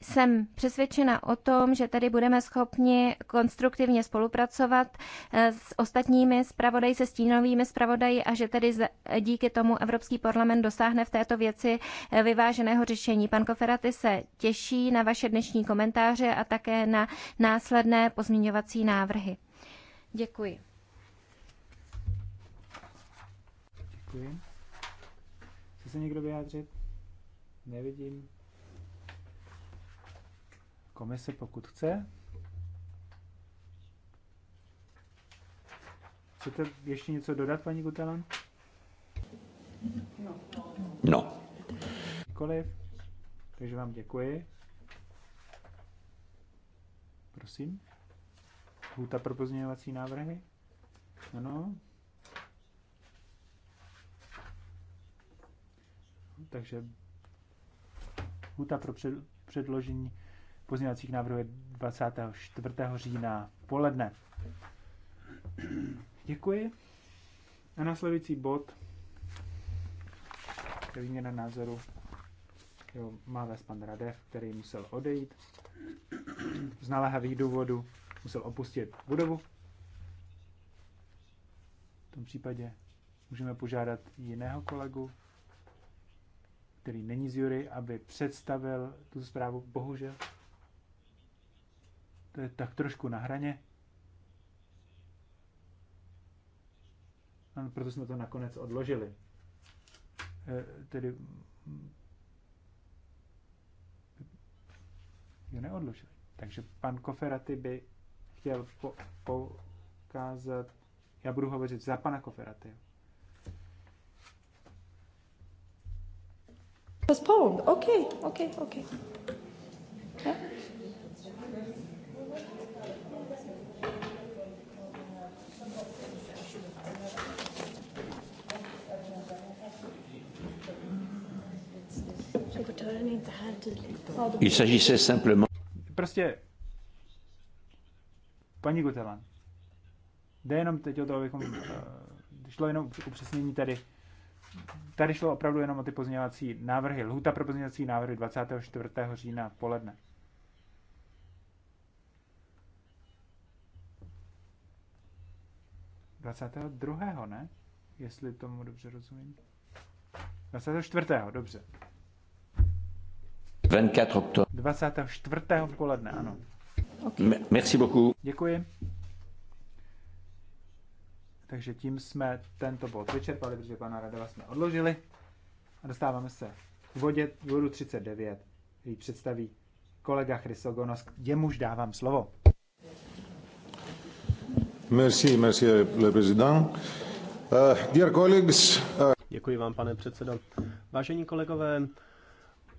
jsem přesvědčena o tom, že tady budeme schopni konstruktivně spolupracovat eh, s ostatními zpravodaji, se stínovými zpravodaji a že tedy díky tomu Evropský parlament dosáhne v této věci eh, vyváženého řešení. Pan Koferaty se těší na vaše dnešní komentáře a také na následné pozměňovací návrhy. Děkuji. Děkuji. Chce se někdo vyjádřit? Nevidím komisi, pokud chce. Chcete ještě něco dodat, paní Gutelan? No. Koliv. Takže vám děkuji. Prosím. Hůta pro pozměňovací návrhy? Ano. Takže hůta pro předložení pozměňovacích návrhů je 24. října poledne. Děkuji. A následující bod je výměna názoru. Jo, má vést pan Radev, který musel odejít z naléhavých důvodů, musel opustit budovu. V tom případě můžeme požádat jiného kolegu, který není z jury, aby představil tu zprávu. Bohužel to je tak trošku na hraně. A proto jsme to nakonec odložili. E, tedy mm, Jo, neodložili. Takže pan Koferaty by chtěl po, poukázat, já budu hovořit za pana Koferaty. Postponed. Okay, okay, okay. Yeah. Il s'agissait simplement... Prostě... Paní Gutelan, jde jenom teď o to, abychom... Uh, šlo jenom upřesnění tady. Tady šlo opravdu jenom o ty pozměňovací návrhy. Lhuta pro pozměňovací návrhy 24. října v poledne. Dvacátého druhého, ne? Jestli tomu dobře rozumím. 24. dobře. 24. Oktober. 24. v poledne, ano. Okay. Merci beaucoup. Děkuji. Takže tím jsme tento bod vyčerpali, protože pana Radova jsme odložili. A dostáváme se k vodě, k bodu 39, který představí kolega Chrysogonos, jemuž dávám slovo. Merci, merci, le président. Uh, dear colleagues, uh... Děkuji vám, pane předsedo. Vážení kolegové,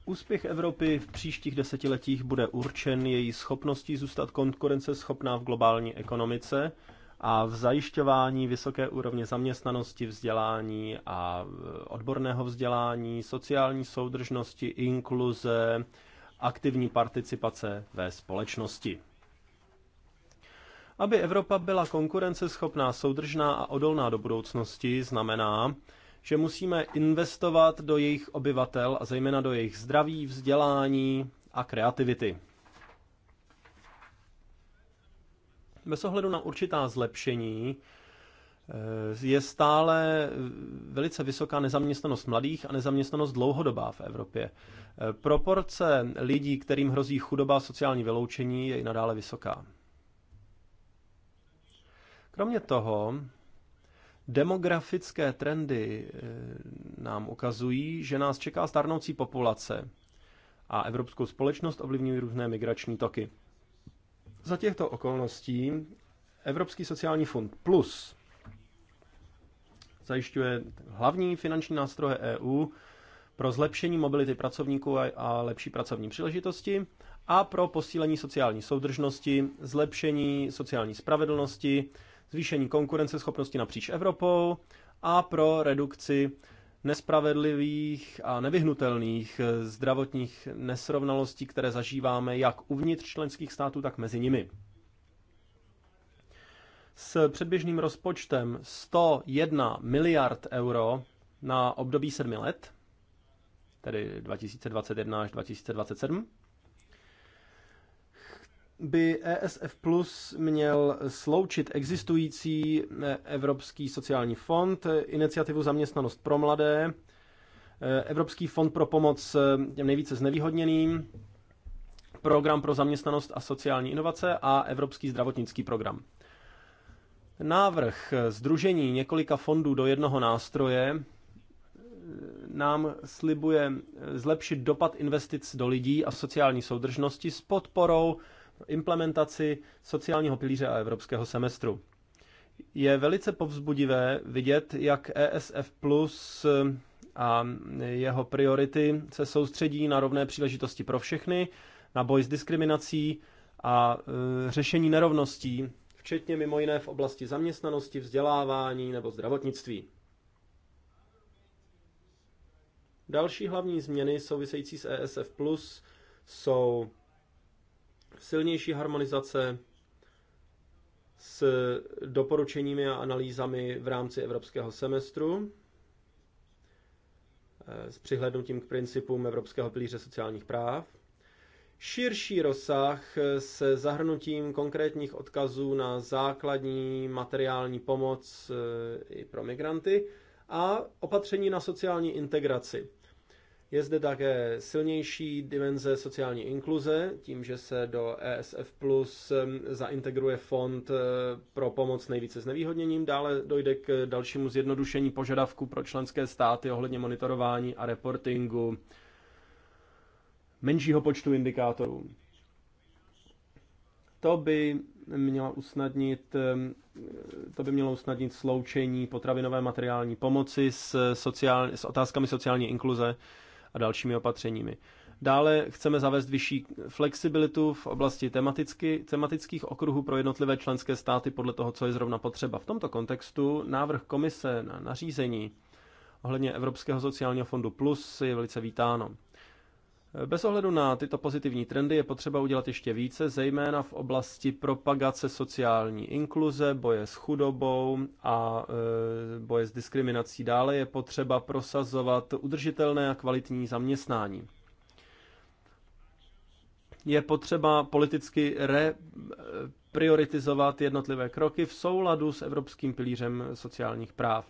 Úspěch Evropy v příštích desetiletích bude určen její schopností zůstat konkurenceschopná v globální ekonomice a v zajišťování vysoké úrovně zaměstnanosti, vzdělání a e, odborného vzdělání, sociální soudržnosti, inkluze, aktivní participace ve společnosti. Aby Evropa byla konkurenceschopná, soudržná a odolná do budoucnosti, znamená, že musíme investovat do jejich obyvatel a zejména do jejich zdraví, vzdělání a kreativity. Bez ohledu na určitá zlepšení eh, je stále velice vysoká nezaměstnanost mladých a nezaměstnanost dlouhodobá v Evropě. Eh, proporce lidí, kterým hrozí chudoba a sociální vyloučení, je i nadále vysoká. Kromě toho, Demografické trendy eh, nám ukazují, že nás čeká starnoucí populace a evropskou společnost ovlivňují různé migrační toky. Za těchto okolností Evropský sociální fond Plus zajišťuje hlavní finanční nástroje EU pro zlepšení mobility pracovníků a lepší pracovní příležitosti a pro posílení sociální soudržnosti, zlepšení sociální spravedlnosti, zvýšení konkurenceschopnosti napříč Evropou a pro redukci nespravedlivých a nevyhnutelných eh, zdravotních nesrovnalostí, které zažíváme jak uvnitř členských států, tak mezi nimi. S předběžným rozpočtem 101 miliard euro na období sedmi let, tedy 2021 až 2027, by ESF Plus měl sloučit existující eh, Evropský sociální fond, eh, iniciativu Zaměstnanost pro mladé, eh, Evropský fond pro pomoc těm nejvíce znevýhodněným, program pro zaměstnanost a sociální inovace a Evropský zdravotnický program. Návrh združení několika fondů do jednoho nástroje nám slibuje zlepšit dopad investic do lidí a sociální soudržnosti s podporou implementaci sociálního pilíře a evropského semestru. Je velice povzbudivé vidět, jak ESF Plus eh, a jeho priority se soustředí na rovné příležitosti pro všechny, na boj s diskriminací a eh, řešení nerovností, včetně mimo jiné v oblasti zaměstnanosti, vzdělávání nebo zdravotnictví. Další hlavní změny související s ESF Plus jsou silnější harmonizace s doporučeními a analýzami v rámci evropského semestru, eh, s přihlednutím k principům Evropského pilíře sociálních práv, širší rozsah eh, se zahrnutím konkrétních odkazů na základní materiální pomoc eh, i pro migranty a opatření na sociální integraci je zde také silnější dimenze sociální inkluze, tím, že se do ESF Plus zaintegruje fond eh, pro pomoc nejvíce nevýhodněním. Dále dojde k dalšímu zjednodušení požadavku pro členské státy ohledně monitorování a reportingu menšího počtu indikátorů. To by měla usnadnit, to by mělo usnadnit sloučení potravinové materiální pomoci s, eh, sociál, s otázkami sociální inkluze a dalšími opatřeními. Dále chceme zavést vyšší flexibilitu v oblasti tematicky, tematických okruhů pro jednotlivé členské státy podle toho, co je zrovna potřeba. V tomto kontextu návrh komise na nařízení ohledně Evropského sociálního fondu Plus je velice vítáno. Bez ohledu na tyto pozitivní trendy je potřeba udělat ještě více, zejména v oblasti propagace sociální inkluze, boje s chudobou a e, boje s diskriminací. Dále je potřeba prosazovat udržitelné a kvalitní zaměstnání. Je potřeba politicky reprioritizovat e, jednotlivé kroky v souladu s Evropským pilířem sociálních práv.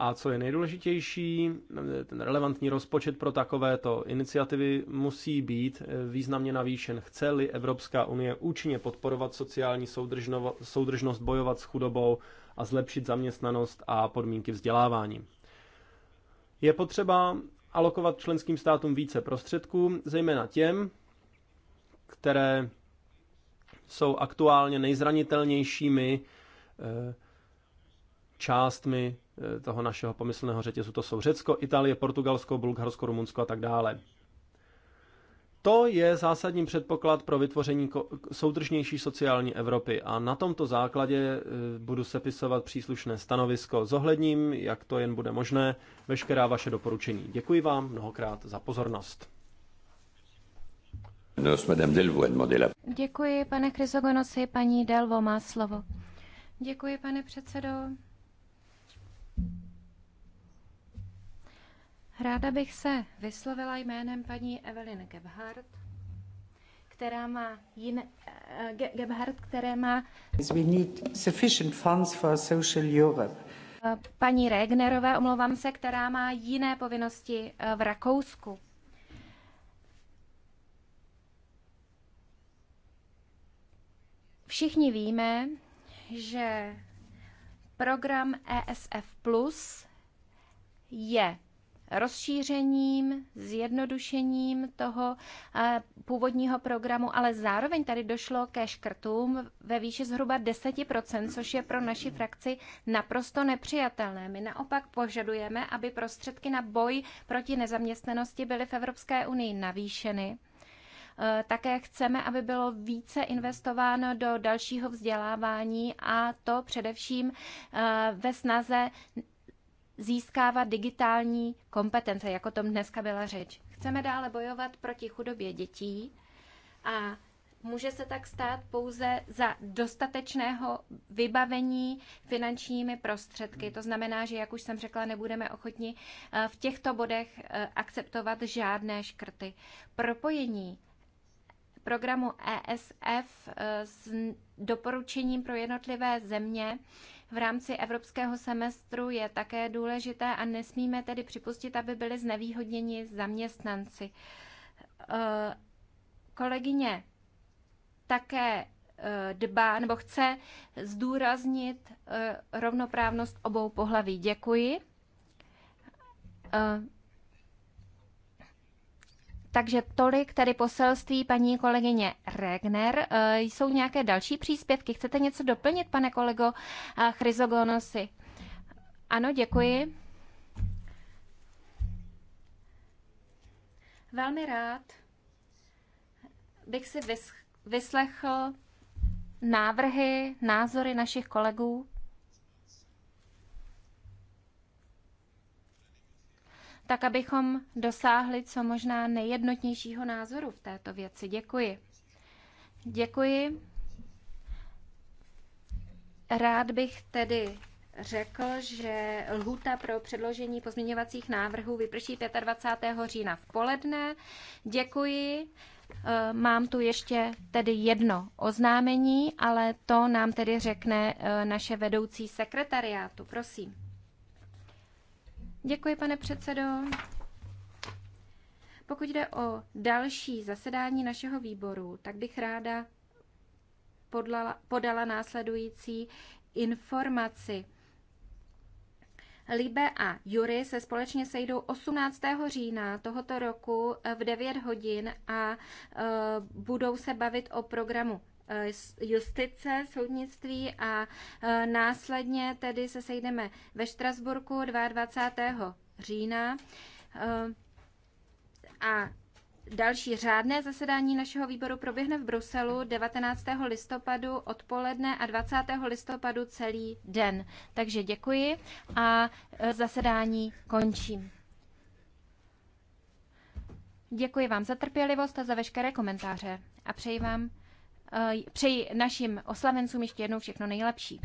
A co je nejdůležitější, ten relevantní rozpočet pro takovéto iniciativy musí být eh, významně navýšen. Chce-li Evropská unie účinně podporovat sociální soudržnost, bojovat s chudobou a zlepšit zaměstnanost a podmínky vzdělávání. Je potřeba alokovat členským státům více prostředků, zejména těm, které jsou aktuálně nejzranitelnějšími eh, částmi eh, toho našeho pomyslného řetězu. To jsou Řecko, Itálie, Portugalsko, Bulharsko, Rumunsko a tak dále. To je zásadní předpoklad pro vytvoření soudržnější sociální Evropy a na tomto základě eh, budu sepisovat příslušné stanovisko. Zohledním, jak to jen bude možné, veškerá vaše doporučení. Děkuji vám mnohokrát za pozornost. Děkuji, pane Kryzogonosi, paní Delvo má slovo. Děkuji, pane předsedo. Ráda bych se vyslovila jménem paní Evelyn Gebhardt, která má jin, eh, Ge, Gebhardt, které má... We need sufficient funds for social Europe. Eh, paní Regnerové, omlouvám se, která má jiné povinnosti eh, v Rakousku. Všichni víme, že program ESF Plus je rozšířením, zjednodušením toho eh, původního programu, ale zároveň tady došlo ke škrtům ve výši zhruba 10%, což je pro naši frakci naprosto nepřijatelné. My naopak požadujeme, aby prostředky na boj proti nezaměstnanosti byly v Evropské unii navýšeny. Eh, také chceme, aby bylo více investováno do dalšího vzdělávání a to především eh, ve snaze získávat digitální kompetence, jako tom dneska byla řeč. Chceme dále bojovat proti chudobě dětí a může se tak stát pouze za dostatečného vybavení finančními prostředky. To znamená, že, jak už jsem řekla, nebudeme ochotni eh, v těchto bodech eh, akceptovat žádné škrty. Propojení programu ESF eh, s doporučením pro jednotlivé země v rámci evropského semestru je také důležité a nesmíme tedy připustit, aby byli znevýhodněni zaměstnanci. E, kolegyně také e, dbá nebo chce zdůraznit e, rovnoprávnost obou pohlaví. Děkuji. Takže tolik tedy poselství paní kolegyně Regner. E, jsou nějaké další příspěvky? Chcete něco doplnit, pane kolego e, Chryzogonosi? Ano, děkuji. Velmi rád bych si vyslechl návrhy, názory našich kolegů. tak abychom dosáhli co možná nejjednotnějšího názoru v této věci. Děkuji. Děkuji. Rád bych tedy řekl, že lhuta pro předložení pozměňovacích návrhů vyprší 25. října v poledne. Děkuji. Eh, mám tu ještě tedy jedno oznámení, ale to nám tedy řekne eh, naše vedoucí sekretariátu. Prosím. Děkuji, pane předsedo. Pokud jde o další zasedání našeho výboru, tak bych ráda podala, podala následující informaci. Libe a Jury se společně sejdou 18. října tohoto roku v 9 hodin a e, budou se bavit o programu Eh, justice, soudnictví a eh, následně tedy se sejdeme ve Štrasburku 22. října eh, a Další řádné zasedání našeho výboru proběhne v Bruselu 19. listopadu odpoledne a 20. listopadu celý den. Takže děkuji a zasedání končím. Děkuji vám za trpělivost a za veškeré komentáře a přeji vám Eh, přeji našim oslavencům ještě jednou všechno nejlepší.